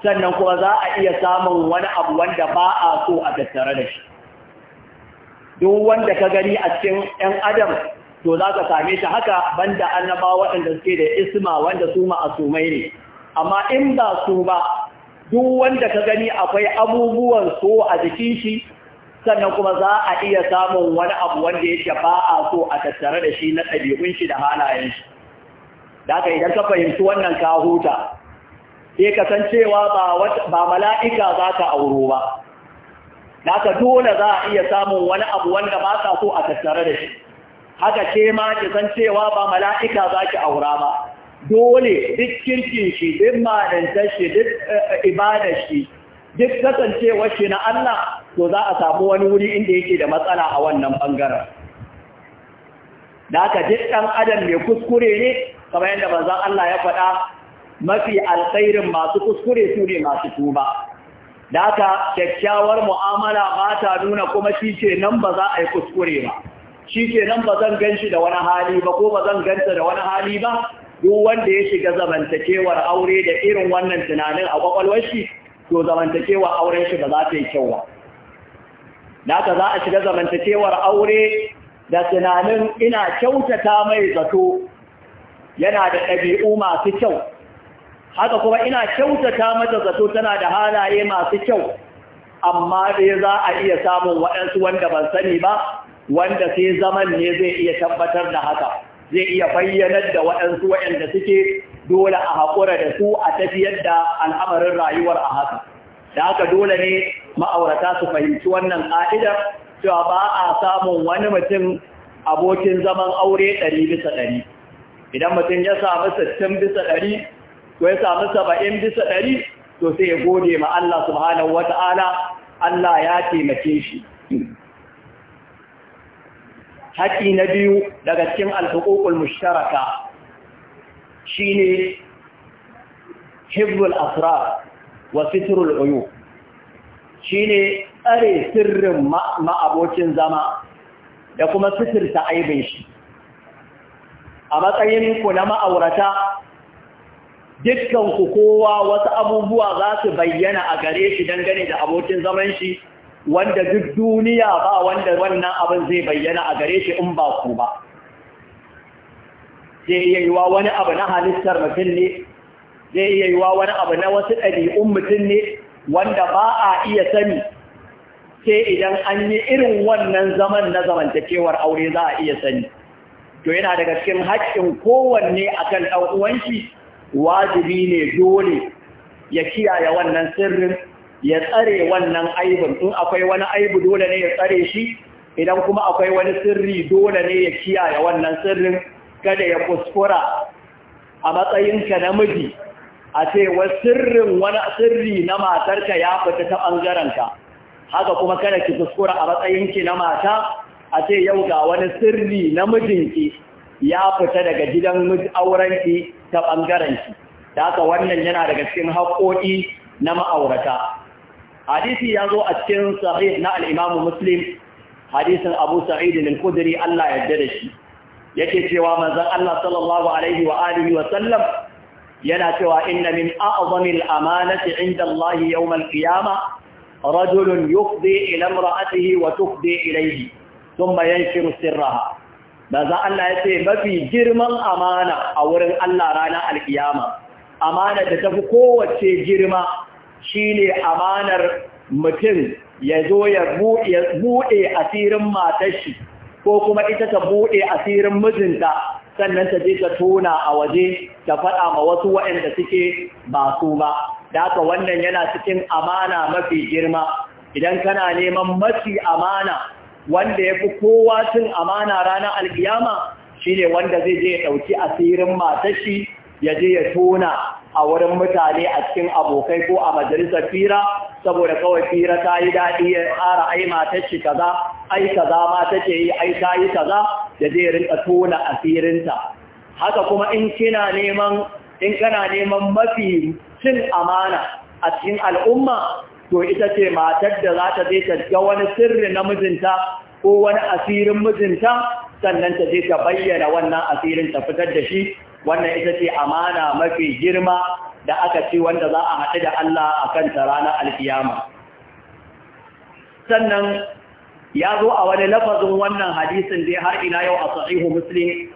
sannan kuma za a iya samun wani abu wanda ba a so a tattare da shi duk wanda ka gani a cikin 'yan adam to za ka same shi haka banda annaba waɗanda suke da isma wanda su ma'asumai ne amma in ba su ba duk wanda ka gani akwai abubuwan so a jikin shi sannan kuma za a iya samun wani abu wanda yake ba a so a tattare da shi na ɗabi'un shi da halayen shi da haka idan ka fahimci wannan ka huta sai kasancewa ba mala'ika za ka auro ba da ka dole za a iya samun wani abu wanda ba ka so a tattare da shi haka ce ma ki san cewa ba mala'ika za ki aura ba dole duk kirkin shi duk ma'adantar shi duk eh, eh, ibadar shi duk kasancewa shi na Allah to za a samu wani wuri inda yake da matsala a wannan bangaren da haka duk ɗan adam mai kuskure ne kamar yadda manzon Allah ya faɗa mafi alkhairin masu kuskure su ne masu tuba da kyakkyawar mu'amala ba ta nuna kuma shi ce nan ba za a yi kuskure ba shi ce nan ba zan gan shi da wani hali ba ko ba zan ganta da wani hali ba duk wanda ya shiga zamantakewar aure da irin wannan tunanin a kwakwalwar shi to zamantakewar auren shi ba za ta yi kyau ba da haka za a shiga zamantakewar aure da tunanin ina kyautata mai zato yana da ɗabi'u masu kyau haka kuma ina kyautata mata zato tana da halaye masu kyau amma dai za a iya samun waɗansu wanda ban sani ba wanda sai zaman ne zai iya tabbatar da haka zai iya bayyanar da waɗansu waɗanda suke dole a haƙura da su a tafiyar da al'amarin rayuwar a haka. Da haka dole ne ma'aurata su fahimci wannan ƙa'idar cewa ba a samun wani mutum abokin zaman aure ɗari bisa ɗari. Idan mutum ya samu sittin bisa ɗari, ko ya samu saba'in bisa ɗari, to sai ya gode ma Allah subhanahu wa ta'ala, Allah ya taimake shi. Haƙi na biyu daga cikin alfuƙoƙul mushtaraka Shi ne hibbul asra wa sitrul Shi ne tsare sirrin ma'abocin zama da kuma sitirta aibin shi a matsayin ku na ma'aurata dukkan ku kowa wasu abubuwa za su bayyana a gare shi dangane da abokin zaman shi wanda duk duniya ba wanda wannan abin zai bayyana a gare shi in ba ku ba zai iya wa wani abu na halittar mutum ne zai iya wa wani abu na wasu ɗari'un mutum ne wanda ba a iya sani sai idan an yi irin wannan zaman na zamantakewar aure za a iya sani to yana daga cikin haƙƙin kowanne akan kan uwanshi wajibi ne dole ya kiyaye wannan sirrin ya tsare wannan aibin in akwai wani aibu dole ne ya tsare shi idan kuma akwai wani sirri dole ne ya kiyaye wannan sirrin kada ya kuskura a matsayinka namiji a ce wa sirrin wani sirri na matarka ya fita ta ɓangarenka haka kuma kada ki kuskura a matsayinki na mata a ce yau ga wani sirri namijinki ya fita daga gidan aurenki ta ɓangarenki da haka wannan yana daga cikin haƙoƙi na ma'aurata hadisi ya zo a cikin sahih na al'imamu muslim hadisin abu sa'id al-kudri Allah ya yarda da shi yake cewa manzon Allah sallallahu alaihi wa alihi wa sallam yana cewa inna min a'zami al-amanati 'inda Allah yawm al-qiyamah rajulun yufdi ila imra'atihi wa tufdi ilayhi thumma yanshiru sirraha manzon Allah yace mafi girman amana a wurin Allah ranar al Amanar amana da tafi kowace girma shine amanar mutum ya zo ya buɗe asirin matar shi ko kuma ita ta buɗe asirin mijinta sannan ta je ta tona a waje ta faɗa ma wasu waɗanda suke ba su ba da wannan yana cikin amana mafi girma idan kana neman mafi amana wanda ya fi kowa cin amana ranar alkiyama shine wanda zai je ya ɗauki asirin matashi ya je ya tona a wurin mutane a cikin abokai ko a majalisar fira saboda kawai fira ta yi daɗi ya ƙara ai matacci kaza ai kaza ma take yi ai ta yi kaza ya je ya rinka tona asirinta haka kuma in kina neman in kana neman mafi cin amana a cikin al'umma to ita ce matar da za ta je ta ga wani sirri na mijinta ko wani asirin mijinta sannan ta je ta bayyana wannan asirin ta fitar da shi wannan ita ce amana mafi girma da aka ci wanda za a haɗu da Allah a kanta ranar alkiyama sannan ya zo a wani lafazin wannan hadisin dai har ina yau a sahihu muslim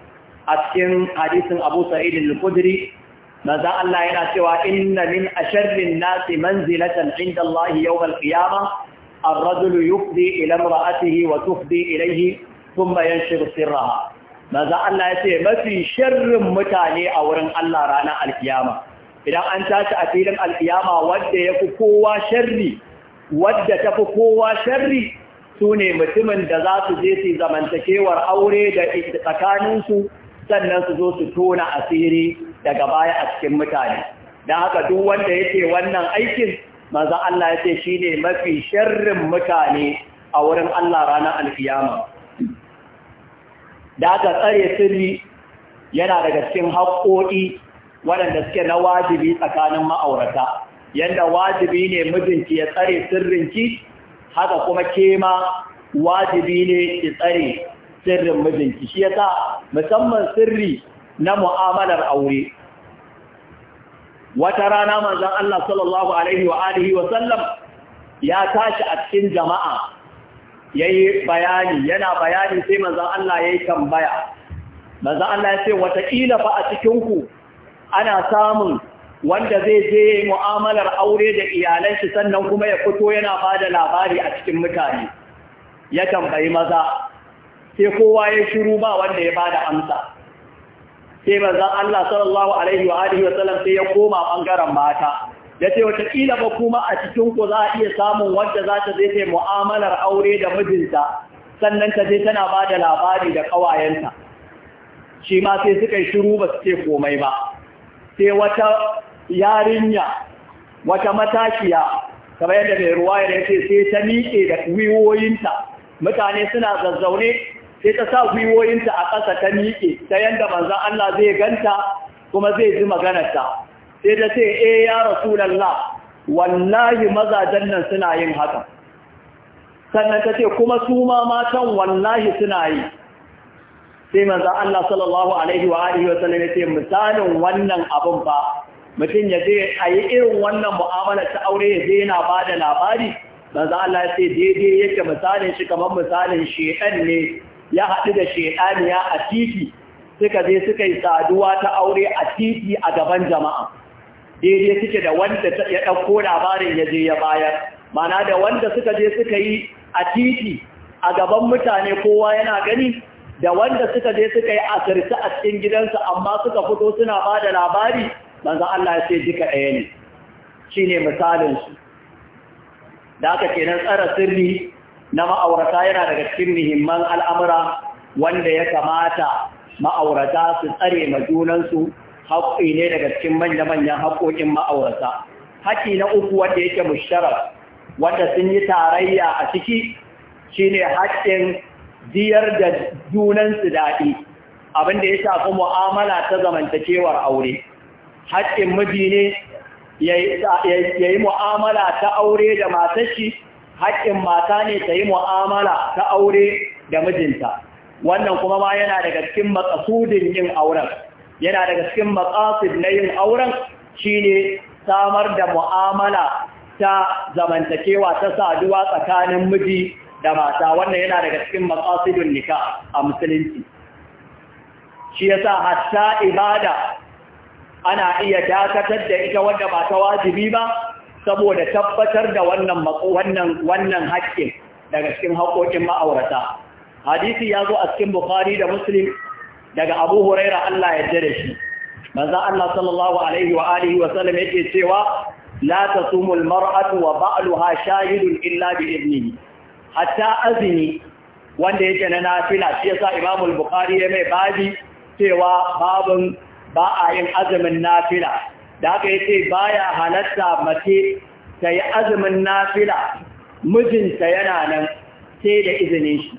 a cikin hadisin abu sa'id al-kudri manzon Allah yana cewa inna min asharrin nasi manzilatan inda Allah yawm al-qiyamah ar-rajul yufdi ila imra'atihi wa tufdi ilayhi thumma yanshur sirraha maza Allah ya ce mafi sharrin mutane a wurin Allah ranar alkiyama idan an tashi a filin alkiyama wanda ya fi kowa sharri wadda tafi kowa sharri sune mutumin da za su je su zamantakewar aure da tsakaninsu sannan su zo su tona asiri daga baya a cikin mutane don haka duk wanda yake wannan aikin maza Allah ya ce shi ne mafi sharrin mutane a wurin Allah ranar alkiyama da aka tsare sirri yana daga cikin haƙoƙi waɗanda suke na wajibi tsakanin ma'aurata yadda wajibi ne mijinki ya tsare sirrinki haka kuma kema wajibi ne ki tsare sirrin mijinki shi yasa musamman sirri na mu'amalar aure wata rana manzon Allah sallallahu alaihi wa alihi wa sallam ya tashi a cikin jama'a yayi bayani yana bayani sai maza Allah yayi tambaya manzon Allah ya ce wataƙila fa a cikin ku ana samun wanda zai je mu'amalar aure da iyalan shi sannan kuma ya fito yana ba da labari a cikin mutane ya tambayi maza sai kowa ya shiru ba wanda ya bada amsa sai maza Allah sallallahu alaihi wa alihi wa sallam sai ya koma ɓangaren mata ya ce watakila ba kuma a cikinku za a iya samun wanda za ta zai mu'amalar aure da mijinta sannan ta zai tana ba da labari da ƙawayenta shi ma sai suka yi shiru ba su ce komai ba sai wata yarinya wata matashiya kamar yadda mai ruwa ya ce sai ta miƙe da gwiwoyinta mutane suna zazzaune sai ta sa gwiwoyinta a ƙasa ta miƙe ta yadda manzan Allah zai ganta kuma zai ji maganarta sai da ce eh ya rasulullah wallahi mazajen nan suna yin haka sannan ta ce kuma su ma matan wallahi suna yi sai manzan Allah sallallahu Alaihi wa Alihi wasallam ya ce misalin wannan abin ba mutum ya je a yi irin wannan mu'amala ta aure ya je yana ba da labari manzan Allah ya ce daidai yake misalin shi kamar misalin shekan ne ya haɗu da shekaniya a titi suka je suka yi saduwa ta aure a titi a gaban jama'a daidai suke da wanda ya ɗauko labarin ya je ya bayar mana da wanda suka je suka yi a titi a gaban mutane kowa yana gani da wanda suka je suka yi a asirce a cikin gidansa amma suka fito suna ba da labari banza Allah ya ce duka ɗaya ne shi ne misalinsu da aka kenan tsara sirri na ma'aurata yana daga cikin muhimman al'amura wanda ya kamata ma'aurata su tsare ma junansu haƙƙi ne daga cikin manya-manyan haƙoƙin ma'aurata haƙƙi na uku wanda yake musharar wanda sun yi tarayya a ciki shi ne haƙƙin ziyar da junansu daɗi abinda ya shafi mu'amala ta zamantakewar aure haƙƙin miji ne ya yi mu'amala ta aure da matashi haƙƙin mata ne ta yi mu'amala ta aure da mijinta wannan kuma ma yana daga cikin makasudin yin auren yana daga cikin maqasid na yin auren shi ne samar da mu'amala ta zamantakewa ta saduwa tsakanin miji da mata wannan yana daga cikin maqasidun nika a musulunci shi ya sa hatta ibada ana iya dakatar da ita wanda ba ta wajibi ba saboda tabbatar da wannan wannan wannan haƙƙin daga cikin haƙoƙin ma'aurata hadisi ya zo a cikin bukhari da muslim daga abu huraira Allah ya jere shi manzan Allah sallallahu alaihi wa alihi wa sallam yake cewa la sumul mar'atu wa ba'luha shahidun illa bi idnihi hatta azini wanda yake na nafila shi yasa imamu al-Bukhari ya mai babi cewa babun ba a yin azumin nafila da haka yace baya halatta mace ta yi azumin nafila mijinta yana nan sai da izinin shi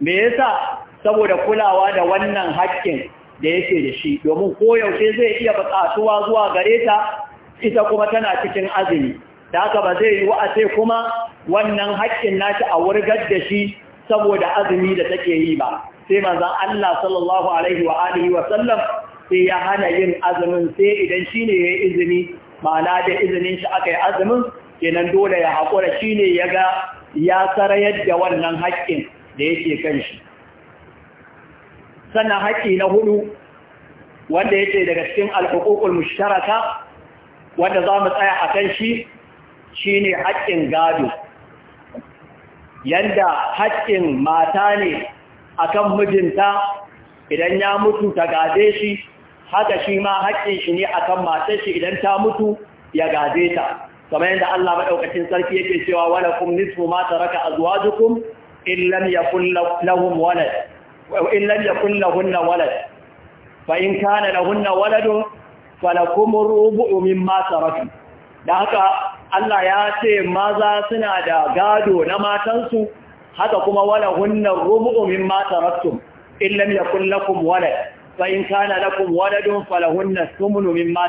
me yasa saboda kulawa da wannan haƙƙin da yake da shi domin koyaushe zai iya buƙatuwa zuwa gare ta ita kuma tana cikin azumi da haka ba zai yi wa sai kuma wannan haƙƙin nashi a wurgar da shi saboda azumi da take yi ba sai manzon Allah sallallahu alaihi wa alihi wa sallam sai ya hana yin azumin sai idan shine yayi izini ma'ana da izinin shi aka yi azumin kenan dole ya hakura shine yaga ga ya sarayar da wannan haƙƙin da yake kan shi sannan haƙƙi na hudu wanda yake daga cikin alhukukul mushtaraka wanda za mu tsaya a kan shi shi ne haƙƙin gado Yanda haƙƙin mata ne akan mijinta idan ya mutu ta gade shi haka shi ma haƙƙin shi ne akan kan shi idan ta mutu ya gade ta kamar yadda Allah maɗaukacin sarki yake cewa walakum nisfu ma taraka azwajukum in lam lahum walad in lam yakun lahunna walad fa in kana lahunna waladun falakum rubu'u da haka Allah ya ce maza suna da gado na matansu haka kuma walahunna rubu'u mimma taraktum in lam yakun lakum walad fa in kana lakum waladun falahunna thumnu mimma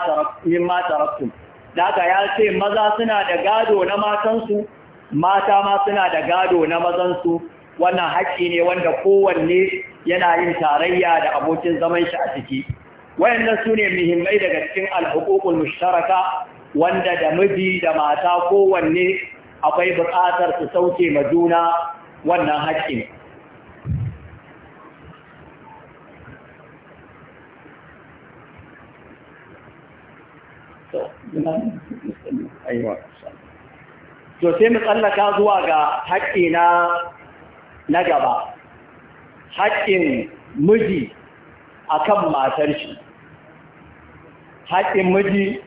da haka ya ce maza suna da gado na matansu mata ma suna da gado na mazansu wannan haƙƙi ne wanda kowanne yana yin tarayya da abokin zaman shi a ciki wayannan sune ne muhimmai daga cikin alhuququl mushtaraka wanda da miji da mata kowanne akwai buƙatar su sauke ma juna wannan haƙƙi. to sai mu tsallaka zuwa ga haƙƙi na na gaba haƙƙin miji akan matar shi haƙƙin miji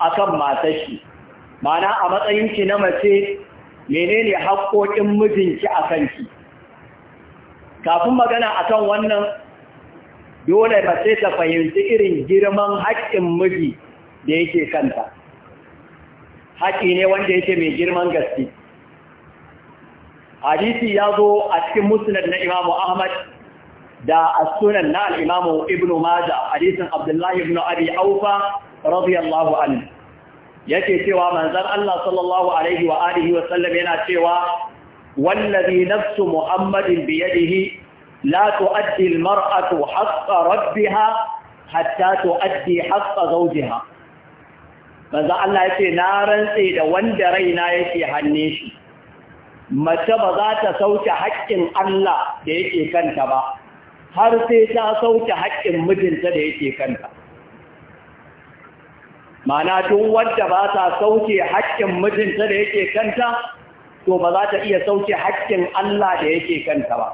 akan matar shi mana a matsayinki na mace menene haƙƙoƙin mijinki a kanki kafin magana a kan wannan dole mace ta fahimci irin girman haƙƙin miji da yake kanta haƙƙi ne wanda yake mai girman gaske hadisi ya zo a cikin musnad na imamu ahmad da a sunan na al ibnu maja hadisin abdullahi ibn abi aufa radiyallahu anhu yake cewa manzan Allah sallallahu alaihi wa alihi wa sallam yana cewa wallazi nafsu muhammadin bi yadihi la tu'addi al-mar'atu haqqa rabbiha hatta tu'addi haqqa zawjiha manzan Allah yace na rantse da wanda raina yake hanne shi mace ba za ta sauke haƙƙin Allah da yake kanta ba har sai ta sauke haƙƙin mijinta da yake kanta mana duk wadda ba ta sauke haƙƙin mijinta da yake kanta to ba za ta iya sauke haƙƙin Allah da yake kanta ba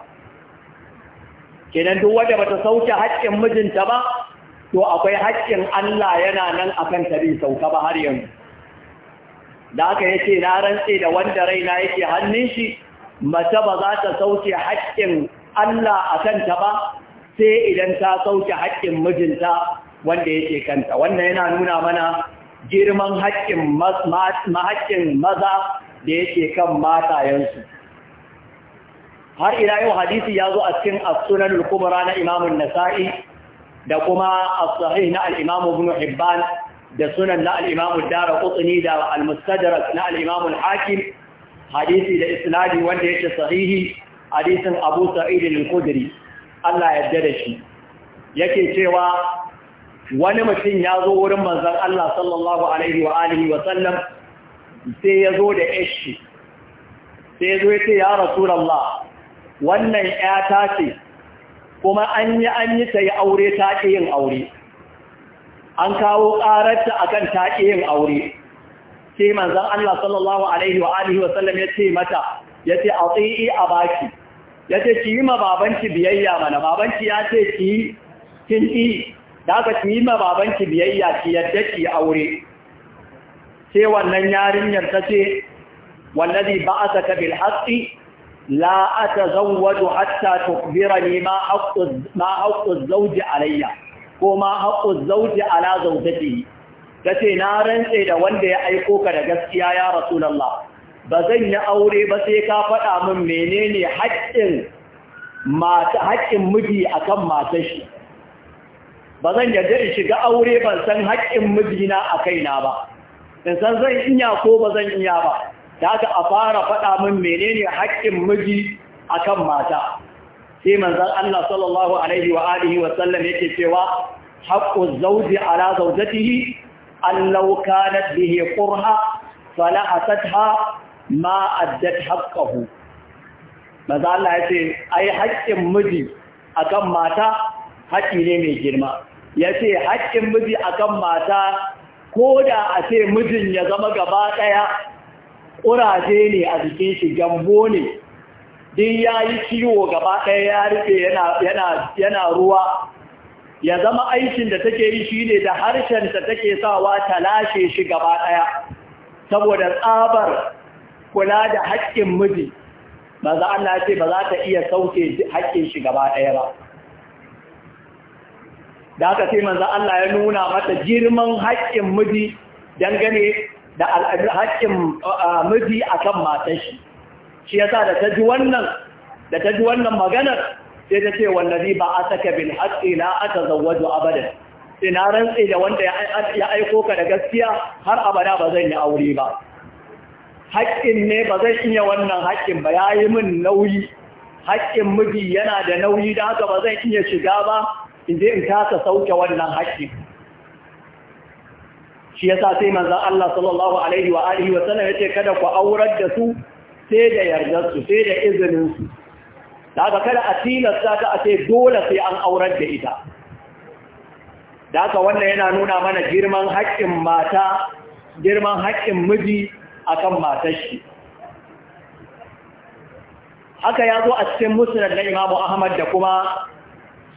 kenan duk wadda ba ta sauke haƙƙin mijinta ba to akwai haƙƙin Allah yana nan akan kanta bai sauka ba har yanzu da aka yace na rantse da wanda raina yake hannun shi mace ba za ta sauke haƙƙin Allah a kanta ba sai idan ta sauke haƙƙin mijinta wanda yake kanta wannan yana nuna mana girman haƙƙin mahaƙƙin maza da yake kan matayensu har ila yau hadisi ya zo a cikin as-sunan al-kubra na Imam an-Nasa'i da kuma as-sahih na al-Imam Ibn Hibban da sunan na al'imamu dara ƙutsuni da al na Al'imamul hakim hadisi da isnadi wanda yake sahihi hadisin abu sa'idin al-kudiri Allah ya da shi yake cewa wani mutum ya zo wurin manzan Allah sallallahu alaihi wa alihi sai ya zo da yashi sai ya zo ya ce ya rasulallah wannan ƴata ce kuma an yi an yi ta yi aure ta ƙi yin aure an kawo ƙararta akan ta yin aure sai manzon Allah sallallahu alaihi wa alihi wa sallam ya ce mata yace ati'i Ya yace ki yi ma babanki biyayya mana babanki ya ce ki kin da ka ki yi ma biyayya ki yadda ki aure sai wannan yarinyar ta ce wallazi ba'athaka bil haqqi la atazawwaju hatta tukbira ma haqqu ma haqqu zawji alayya ko ma haƙƙu zauji ala zaujati ta ce na rantse da wanda ya aiko ka da gaskiya ya rasulallah ba zan yi aure ba sai ka faɗa min menene haƙƙin haƙƙin miji akan mata shi ba zan yarda in shiga aure ban san haƙƙin mijina a kaina ba in san zan ya ko ba zan iya ba da haka a fara faɗa min menene haƙƙin miji akan mata sai manzon Allah sallallahu alaihi wa alihi wa sallam yake cewa haqqu zauje ala zawjatihi an law kanat bihi qurha fala'atha ma addat haqqahu manzon Allah ai haƙƙin miji akan mata haƙƙi ne mai girma yace haƙƙin miji akan mata ko da a ce mijin ya zama gaba ɗaya ƙuraje ne a jikin shi gambo ne din ya yi ciwo gaba ɗaya ya rufe yana ruwa ya zama aikin da take yi shi ne da harshen da take sawa ta lashe shi gaba ɗaya saboda tsabar kula da haƙƙin miji ba za a lashe ba za ta iya sauke haƙƙin shi gaba ɗaya ba da aka sai manzan Allah ya nuna mata girman haƙƙin miji dangane da haƙƙin miji akan kan matashi shi sa da ta ji wannan da ta ji wannan maganar sai ta ce wallazi ba a saka bin haqqi aka atazawwaju abadan sai na rantse da wanda ya aiko ka da gaskiya har abada ba zan yi aure ba haƙƙin ne ba zan iya wannan haƙƙin ba Ya yi min nauyi haƙƙin miji yana da nauyi da haka ba zan iya shiga ba in je in kasa sauke wannan haƙƙin shi yasa sai manzon Allah sallallahu alaihi wa alihi wa sallam yace kada ku aurar da su sai da yardarsu sai da izininsu da aka kada a tilasta ta a ce dole sai an aurar da ita da aka wannan yana nuna mana girman haƙƙin mata girman haƙƙin miji akan matar shi haka ya zo a cikin musulun na imamu ahmad da kuma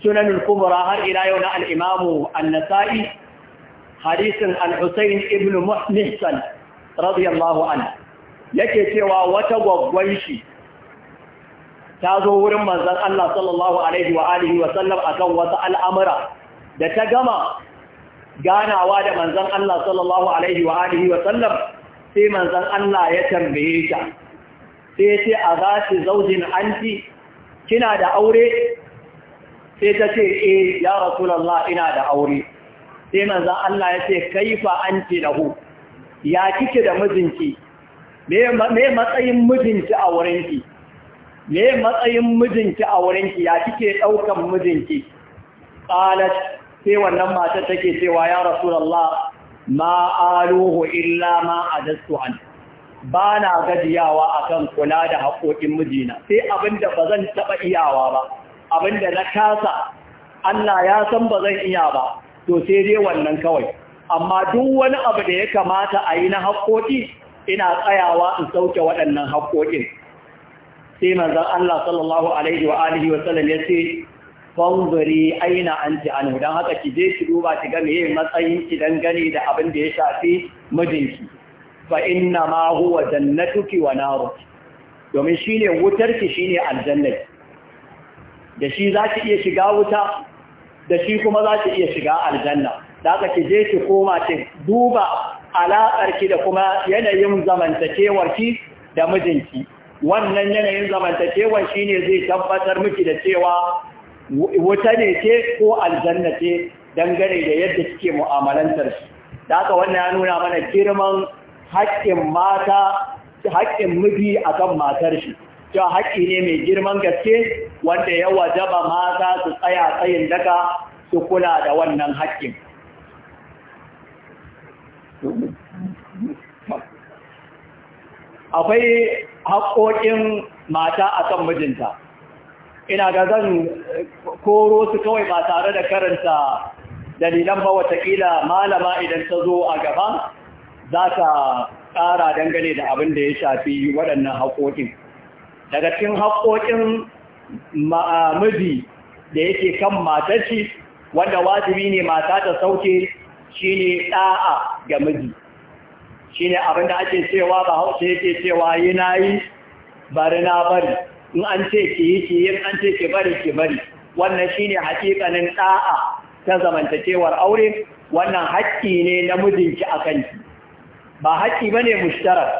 sunanul kubra har ila yau na alimamu annasa'i an hadisin al-husayn ibn muhsan radiyallahu anhu yake cewa wata gwaggwan shi ta zo wurin manzan Allah sallallahu Alaihi wa alihi Sallam) a kan wasu al'amura da ta gama ganawa da manzan Allah sallallahu Alaihi wa alihi sai manzan Allah ya tambaye ta sai ce a za su zaujin anti kina da aure sai ta ce e ya rasulallah ina da aure sai manzan Allah ya ce kaifa anti hu ya kike da mijinki me matsayin mijinki a wurinki me matsayin mijinki a wurinki ya kike daukan mijinki qalat sai wannan mata take cewa ya rasulullah ma aluhu illa ma adastu an ba na gajiyawa akan kula da haƙoƙin mijina sai abinda ba zan iyawa ba abinda na kasa Allah ya san bazan iya ba to sai dai wannan kawai amma duk wani abu da ya kamata a yi na haƙoƙi ina tsayawa in sauke waɗannan haƙoƙin sai manzon Allah sallallahu alaihi wa alihi wa sallam ce fanzuri aina anti anu dan haka ki je ki duba ki ga meye matsayin ki gani da abin da ya shafi mijinki fa inna ma huwa jannatuki wa naru domin shine ki shine aljannati da shi za ki iya shiga wuta da shi kuma za ki iya shiga aljanna da haka ki je ki koma ki duba alaƙarki da kuma yanayin zamantakewarki da mijinki wannan yanayin zamantakewar shi ne zai tabbatar miki da cewa wuta ne ce ko aljanna ce dangane da yadda kike mu'amalantar shi da haka wannan ya nuna mana girman haƙƙin mata haƙƙin miji akan matar shi cewa haƙƙi ne mai girman gaske wanda ya wajaba mata su tsaya tsayin daga su kula da wannan haƙƙin akwai haƙoƙin mata a kan mijinta ina ga zan koro su kawai ba tare da karanta dalilan ba watakila malama idan ta zo a gaba za ta ƙara dangane da abin da ya shafi waɗannan haƙoƙin daga cikin haƙoƙin miji da yake kan matarci wanda wajibi ne mata ta sauke ne ɗa'a ga miji abin abinda ake cewa ba hausa yake cewa yi na yi, bari na bari in an ce ki yi ki yi an ce ki bari ki bari wannan shi ne hakikanin ɗa'a ta zamantakewar aure wannan haƙƙi ne na mijinki a kanki ba haƙƙi ba ne, mushtarar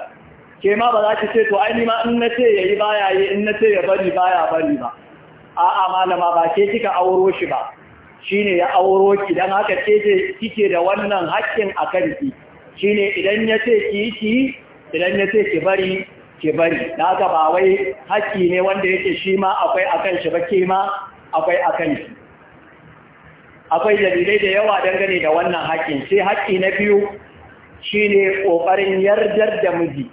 ke ma ba za ki ce to ai ni ma in na ce yayi baya yi in na ce ya bari baya bari ba a'a malama ba ke kika auro shi ba shine ya auro ki don haka ce kike da wannan haƙƙin a kanki ne idan ya ce ki ki idan ya ce ki bari ki bari na haka ba wai haƙƙi ne wanda yake shi ma akwai akan shi ba ke ma akwai akan shi akwai dalilai da yawa dangane da wannan haƙƙin sai haƙƙi na biyu Shi ne ƙoƙarin yardar da miji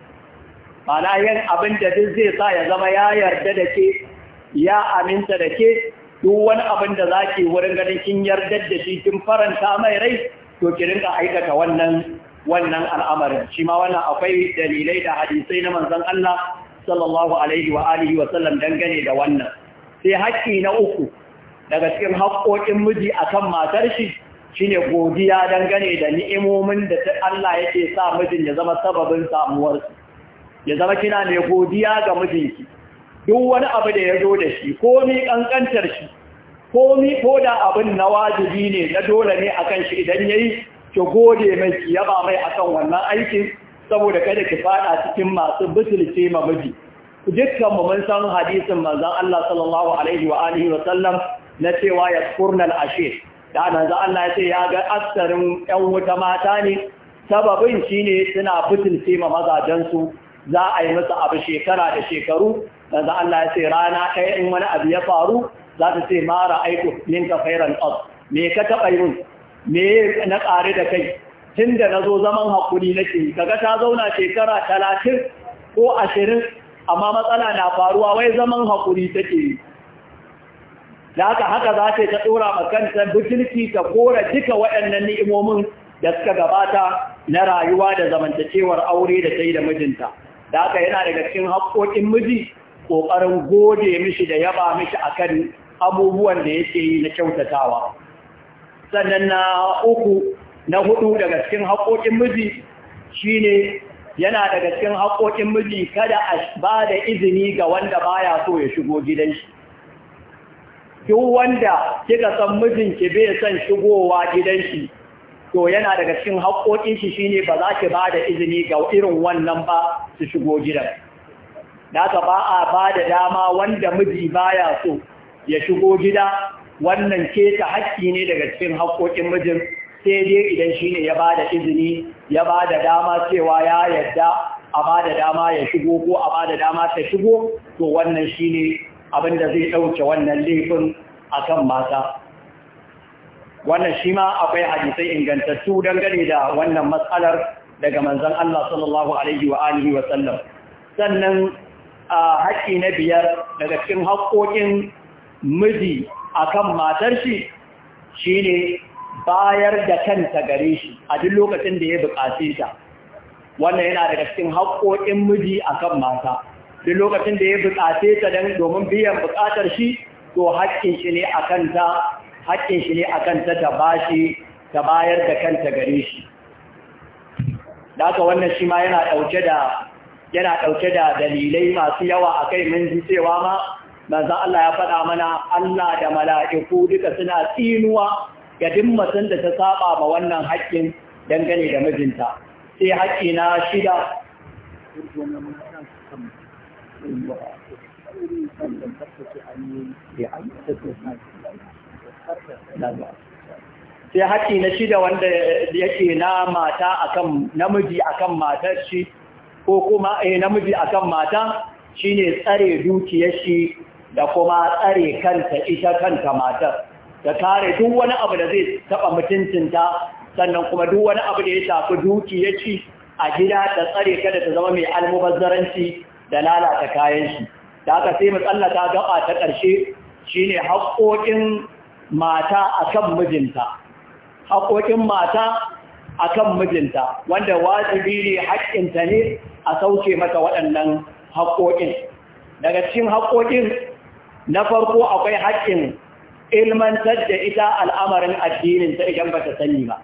ma'ana yin abin da duk zai sa ya zama ya yarda da ke ya aminta da ke duk wani abin da za ki wurin ganin kin yarda da shi kin faranta mai rai to ki rinka aikata wannan wannan al'amarin shi ma wannan akwai dalilai da hadisai na manzon Allah sallallahu alaihi wa alihi wa sallam dangane da wannan sai haƙƙi na uku daga cikin haƙƙoƙin miji akan matar shi shine godiya dangane da ni'imomin da Allah yake sa mijin ya zama sababin samuwar ya zama kina mai godiya ga mijinki duk wani abu da ya zo da shi ko mi kankantar shi ko mi ko da abin na wajibi ne na dole ne akan shi idan yayi ki gode mai ki yaba mai akan wannan aikin saboda kada ki fada cikin masu butulce ma miji dukkan mu mun san hadisin manzon Allah sallallahu alaihi wa alihi wa sallam na cewa ya kurnal ashe. da manzon Allah ya ce ya ga aksarin ƴan wuta mata ne sababin shine suna butulce ma mazajen su za a yi musu abu shekara da shekaru manzo Allah ya ce rana ɗaya in wani abu ya faru za ta ce ma ra'aitu minka khairan qad me ka taɓa yi me na ƙare da kai tun da na zaman hakuri nake kaga ta zauna shekara talatin ko ashirin amma matsala na faruwa wai zaman hakuri take yi da haka haka za ta ta ɗora kanta butulki ta kora duka waɗannan ni'imomin da suka gabata na rayuwa da zamantakewar aure da ta da mijinta da haka yana daga cikin haƙoƙin miji ƙoƙarin gode mishi da yaba mishi akan abubuwan da yake yi na kyautatawa sannan na uku na hudu daga cikin haƙoƙin miji shine yana daga cikin haƙoƙin miji kada a ba da izini ga wanda baya so ya shigo gidan shi duk wanda kika san mijin ki bai son shigowa gidan shi to yana daga cikin haƙoƙin shi shine ba za ki ba da izini ga irin wannan ba su shigo gidan da aka ba a ba da dama wanda miji baya so ya shigo gida wannan ke ta haƙƙi ne daga cikin haƙƙoƙin mijin sai dai idan shi ne ya ba da izini ya ba da dama cewa ya yadda a ba da dama ya shigo ko a ba da dama ta shigo to wannan shi ne abin da zai ɗauke wannan laifin a kan mata wannan shi ma akwai hadisai ingantattu dangane da wannan matsalar daga manzon Allah sallallahu alaihi wa alihi wa sallam sannan a haƙƙi na biyar daga cikin haƙƙoƙin miji kan matar shi ne bayar da kanta gare shi a duk lokacin da ya buƙaci ta wannan yana daga cikin haƙƙoƙin miji kan mata duk lokacin da ya buƙaci ta don domin biyan buƙatar shi to haƙƙin shi ne a ta ne ta ta bashi ta bayar da kanta gare shi da wannan shi ma yana ɗauke da yana ɗauke da dalilai masu yawa a kai mun ji cewa ma manzan Allah ya faɗa mana Allah da mala'iku duka suna tsinuwa ga mutum da ta saba ma wannan haƙƙin dangane da mijinta sai haƙƙi na shida sai haƙƙi na shida wanda yake na mata akan namiji akan matar shi ko kuma eh namiji akan mata shine tsare dukiyashi, da kuma tsare kanta ita kanta matar da kare duk wani abu da zai taba mutuncinta sannan kuma duk wani abu da ya tafi dukiyar a gida da tsare kada ta zama mai almubazzaranci da lalata kayan shi da aka sai mu tsallaka gaba ta ƙarshe shine haƙoƙin mata akan mijinta haƙoƙin mata akan mijinta wanda wajibi ne haƙƙinta ne a sauke mata waɗannan haƙoƙin daga cikin haƙoƙin na farko akwai haƙƙin ilmantar da ita al'amarin addinin ta idan ba ta sani ba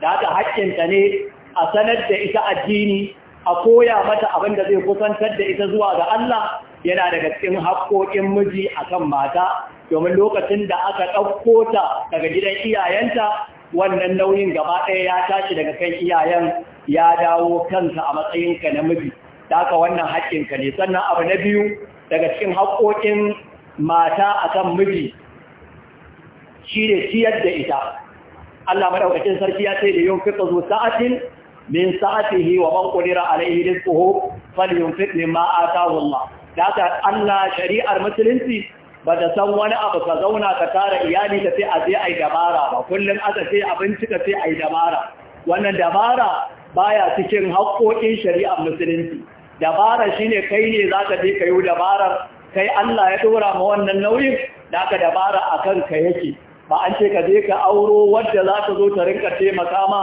da haka haƙƙinta ne a sanar da ita addini a koya mata abin da zai kusantar da ita zuwa ga Allah yana daga cikin haƙoƙin miji a kan mata domin lokacin da aka ɗauko ta daga gidan iyayenta wannan nauyin gaba ɗaya ya tashi daga kan iyayen ya dawo kansa a matsayinka na da daga wannan haƙƙinka ne sannan abu na biyu daga cikin haƙƙoƙin mata a kan miji shi ne ciyar da ita Allah maɗaukacin sarki ya ce da yin fitsa zo sa'atin min sa'atihi wa man qadira alayhi rizquhu falyunfiq mimma ataahu Allah da Allah shari'ar musulunci ba da san wani abu ka zauna ka tara iyali ka ce a je a yi dabara ba kullum aka ce abinci ka ce a yi dabara wannan dabara baya cikin haƙoƙin shari'ar musulunci dabara shine kai ne za ka je ka yi dabarar kai Allah ya dora ma wannan nauyin da ka dabara a kan ka yake ba an ce ka je ka auro wadda za ka zo ta rinka taimaka ma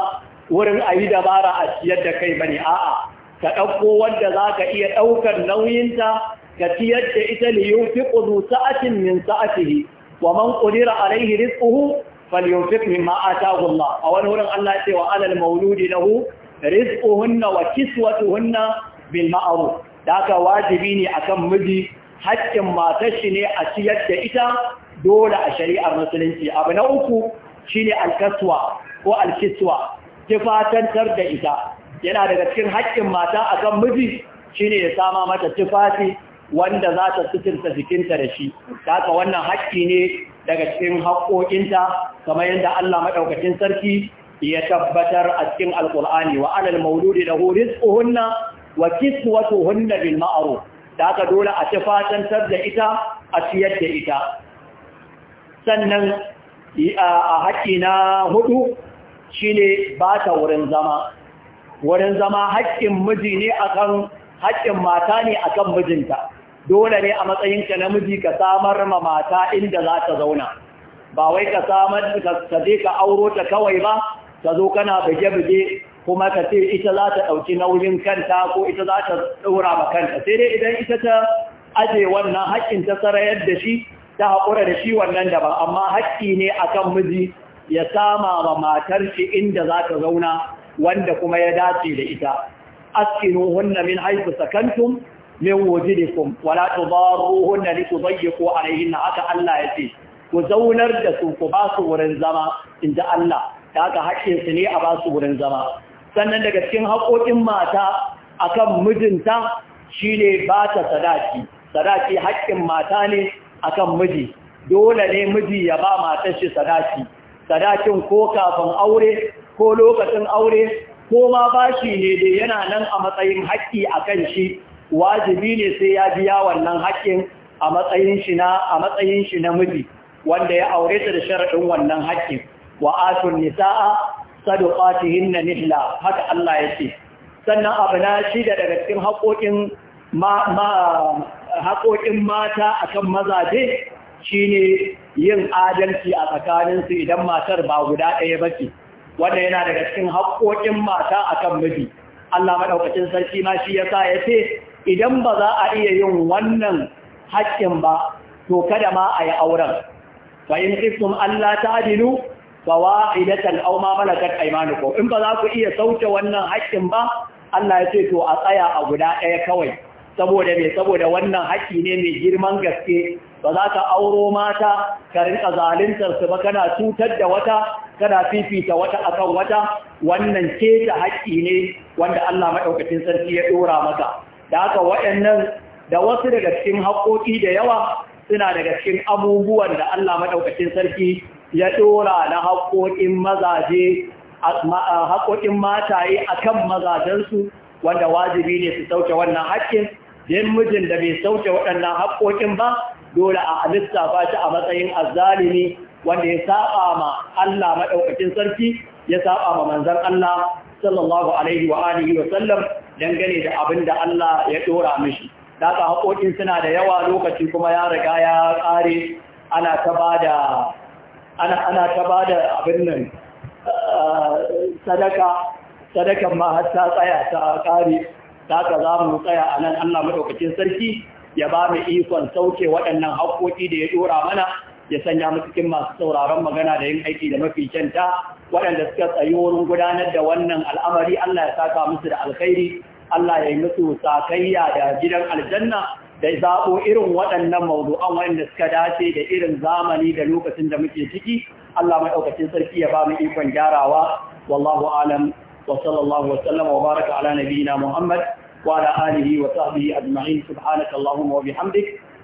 wurin a yi dabara a ciyar da kai bane a'a ka ɗauko wadda za ka iya ɗaukar nauyinta ka ciyar da ita li yunfiqu du sa'atin min sa'atihi wa man ƙudira alayhi rizquhu falyunfiq mimma ataahu Allah a wani wurin Allah ya ce alal mauludi lahu rizquhunna wa kiswatuhunna bil ma'ruf da haka wajibi ne akan miji haƙƙin matar shi ne a ciyar da ita dole a shari'ar musulunci abu na uku shine alkaswa ko alkiswa tufatantar da ita yana daga cikin haƙƙin mata akan miji shine ya sama mata tufafi wanda za ta suturta jikinta da shi ka wannan haƙƙi ne daga cikin haƙƙoƙinta kamar yadda Allah maɗaukacin sarki ya tabbatar a cikin alƙur'ani wa alal mauludi da huris uhunna wa kiswatuhunna bil ma'ruf da ka dole a ci fatantar da ita a ciyar da ita sannan a haƙƙi na hudu shine ba ta wurin zama wurin zama haƙƙin miji ne akan haƙƙin mata ne akan mijinta dole ne a matsayinka namiji ka samar ma mata inda za ta zauna ba wai ka samar ka je ka auro ta kawai ba ka zo kana buge-buge kuma ka ce ita za ta ɗauki nauyin kanta ko ita za ta ɗora ma kanta sai dai idan ita ta aje wannan haƙƙin ta sarayar da shi ta haƙura da shi wannan daban amma haƙƙi ne akan miji ya sama ma matar shi inda za ta zauna wanda kuma ya dace da ita askinu hunna min haifu sakantum min wujudikum wala tudarruhunna litudayyiqu alayhinna aka Allah yace ku zaunar da su ku ba su wurin zama inda Allah ta hakkin su ne a ba su wurin zama sannan daga cikin haƙoƙin mata akan mijinta shine ba ta sadaki sadaki haƙƙin mata ne akan miji dole ne miji ya ba matar shi sadaki sadakin ko kafin aure ko lokacin aure ko ma bashi ne dai yana nan a matsayin haƙƙi akan shi wajibi ne sai ya biya wannan haƙƙin a matsayin shi na a matsayin shi na miji wanda ya aure ta da sharadin wannan haƙƙin wa atun nisaa sadaqatihinna nihla haka Allah ya ce. sannan abu na shi da daga cikin haƙoƙin ma, haƙoƙin mata akan mazaje shine yin adalci a tsakaninsu idan matar ba guda ɗaya ba ce wanda yana daga cikin haƙoƙin mata akan miji Allah maɗaukacin sarki ma shi yasa sa ya ce idan ba za a iya yin wannan haƙƙin ba to kada ma a yi auren fa in ta alla ta'dilu fawa'idatan aw ma malakat aymanukum in ba za ku iya sauke wannan haƙƙin ba Allah ya ce to a tsaya a guda ɗaya kawai saboda me saboda wannan haƙƙi ne mai girman gaske ba za ka auro mata ka rinka zaluntarsu su ba kana cutar da wata kana fifita wata akan wata wannan ce ta haƙƙi ne wanda Allah maɗaukacin sarki ya ɗora maka da aka waɗannan da wasu daga cikin haƙoƙi da yawa suna daga cikin abubuwan da Allah maɗaukacin sarki ya ɗora na haƙoƙin mazaje haƙoƙin mataye a kan mazajensu wanda wajibi ne su sauke wannan haƙƙin yin mijin da bai sauke waɗannan haƙoƙin ba dole a ba shi a matsayin azzalimi wanda ya saba ma Allah maɗaukacin sarki ya saɓa ma manzan Allah sallallahu alaihi wa alihi wa sallam dangane da abin da Allah ya dora mishi da ka haƙoƙin suna da yawa lokaci kuma ya riga ya ƙare ana ta bada ana ana ta bada abin nan eh, sadaka sadakan ma har ta tsaya ta ƙare da ka za mu tsaya a nan Allah madaukakin sarki ya ba mu ikon sauke waɗannan haƙoƙi da ya dora mana ya sanya mu cikin masu sauraron magana da yin aiki da mafi kyanta waɗanda suka tsayi wurin gudanar da wannan al'amari Allah ya saka musu da alkhairi Allah ya yi musu sakayya da gidan aljanna da zaɓo irin waɗannan mawdu'an waɗanda suka dace da irin zamani da lokacin da muke ciki Allah maɗaukacin sarki ya ba mu ikon gyarawa wallahu alam wa sallallahu wa sallama wa baraka ala nabiyina Muhammad wa ala alihi wa sahbihi ajma'in subhanaka allahumma wa bihamdika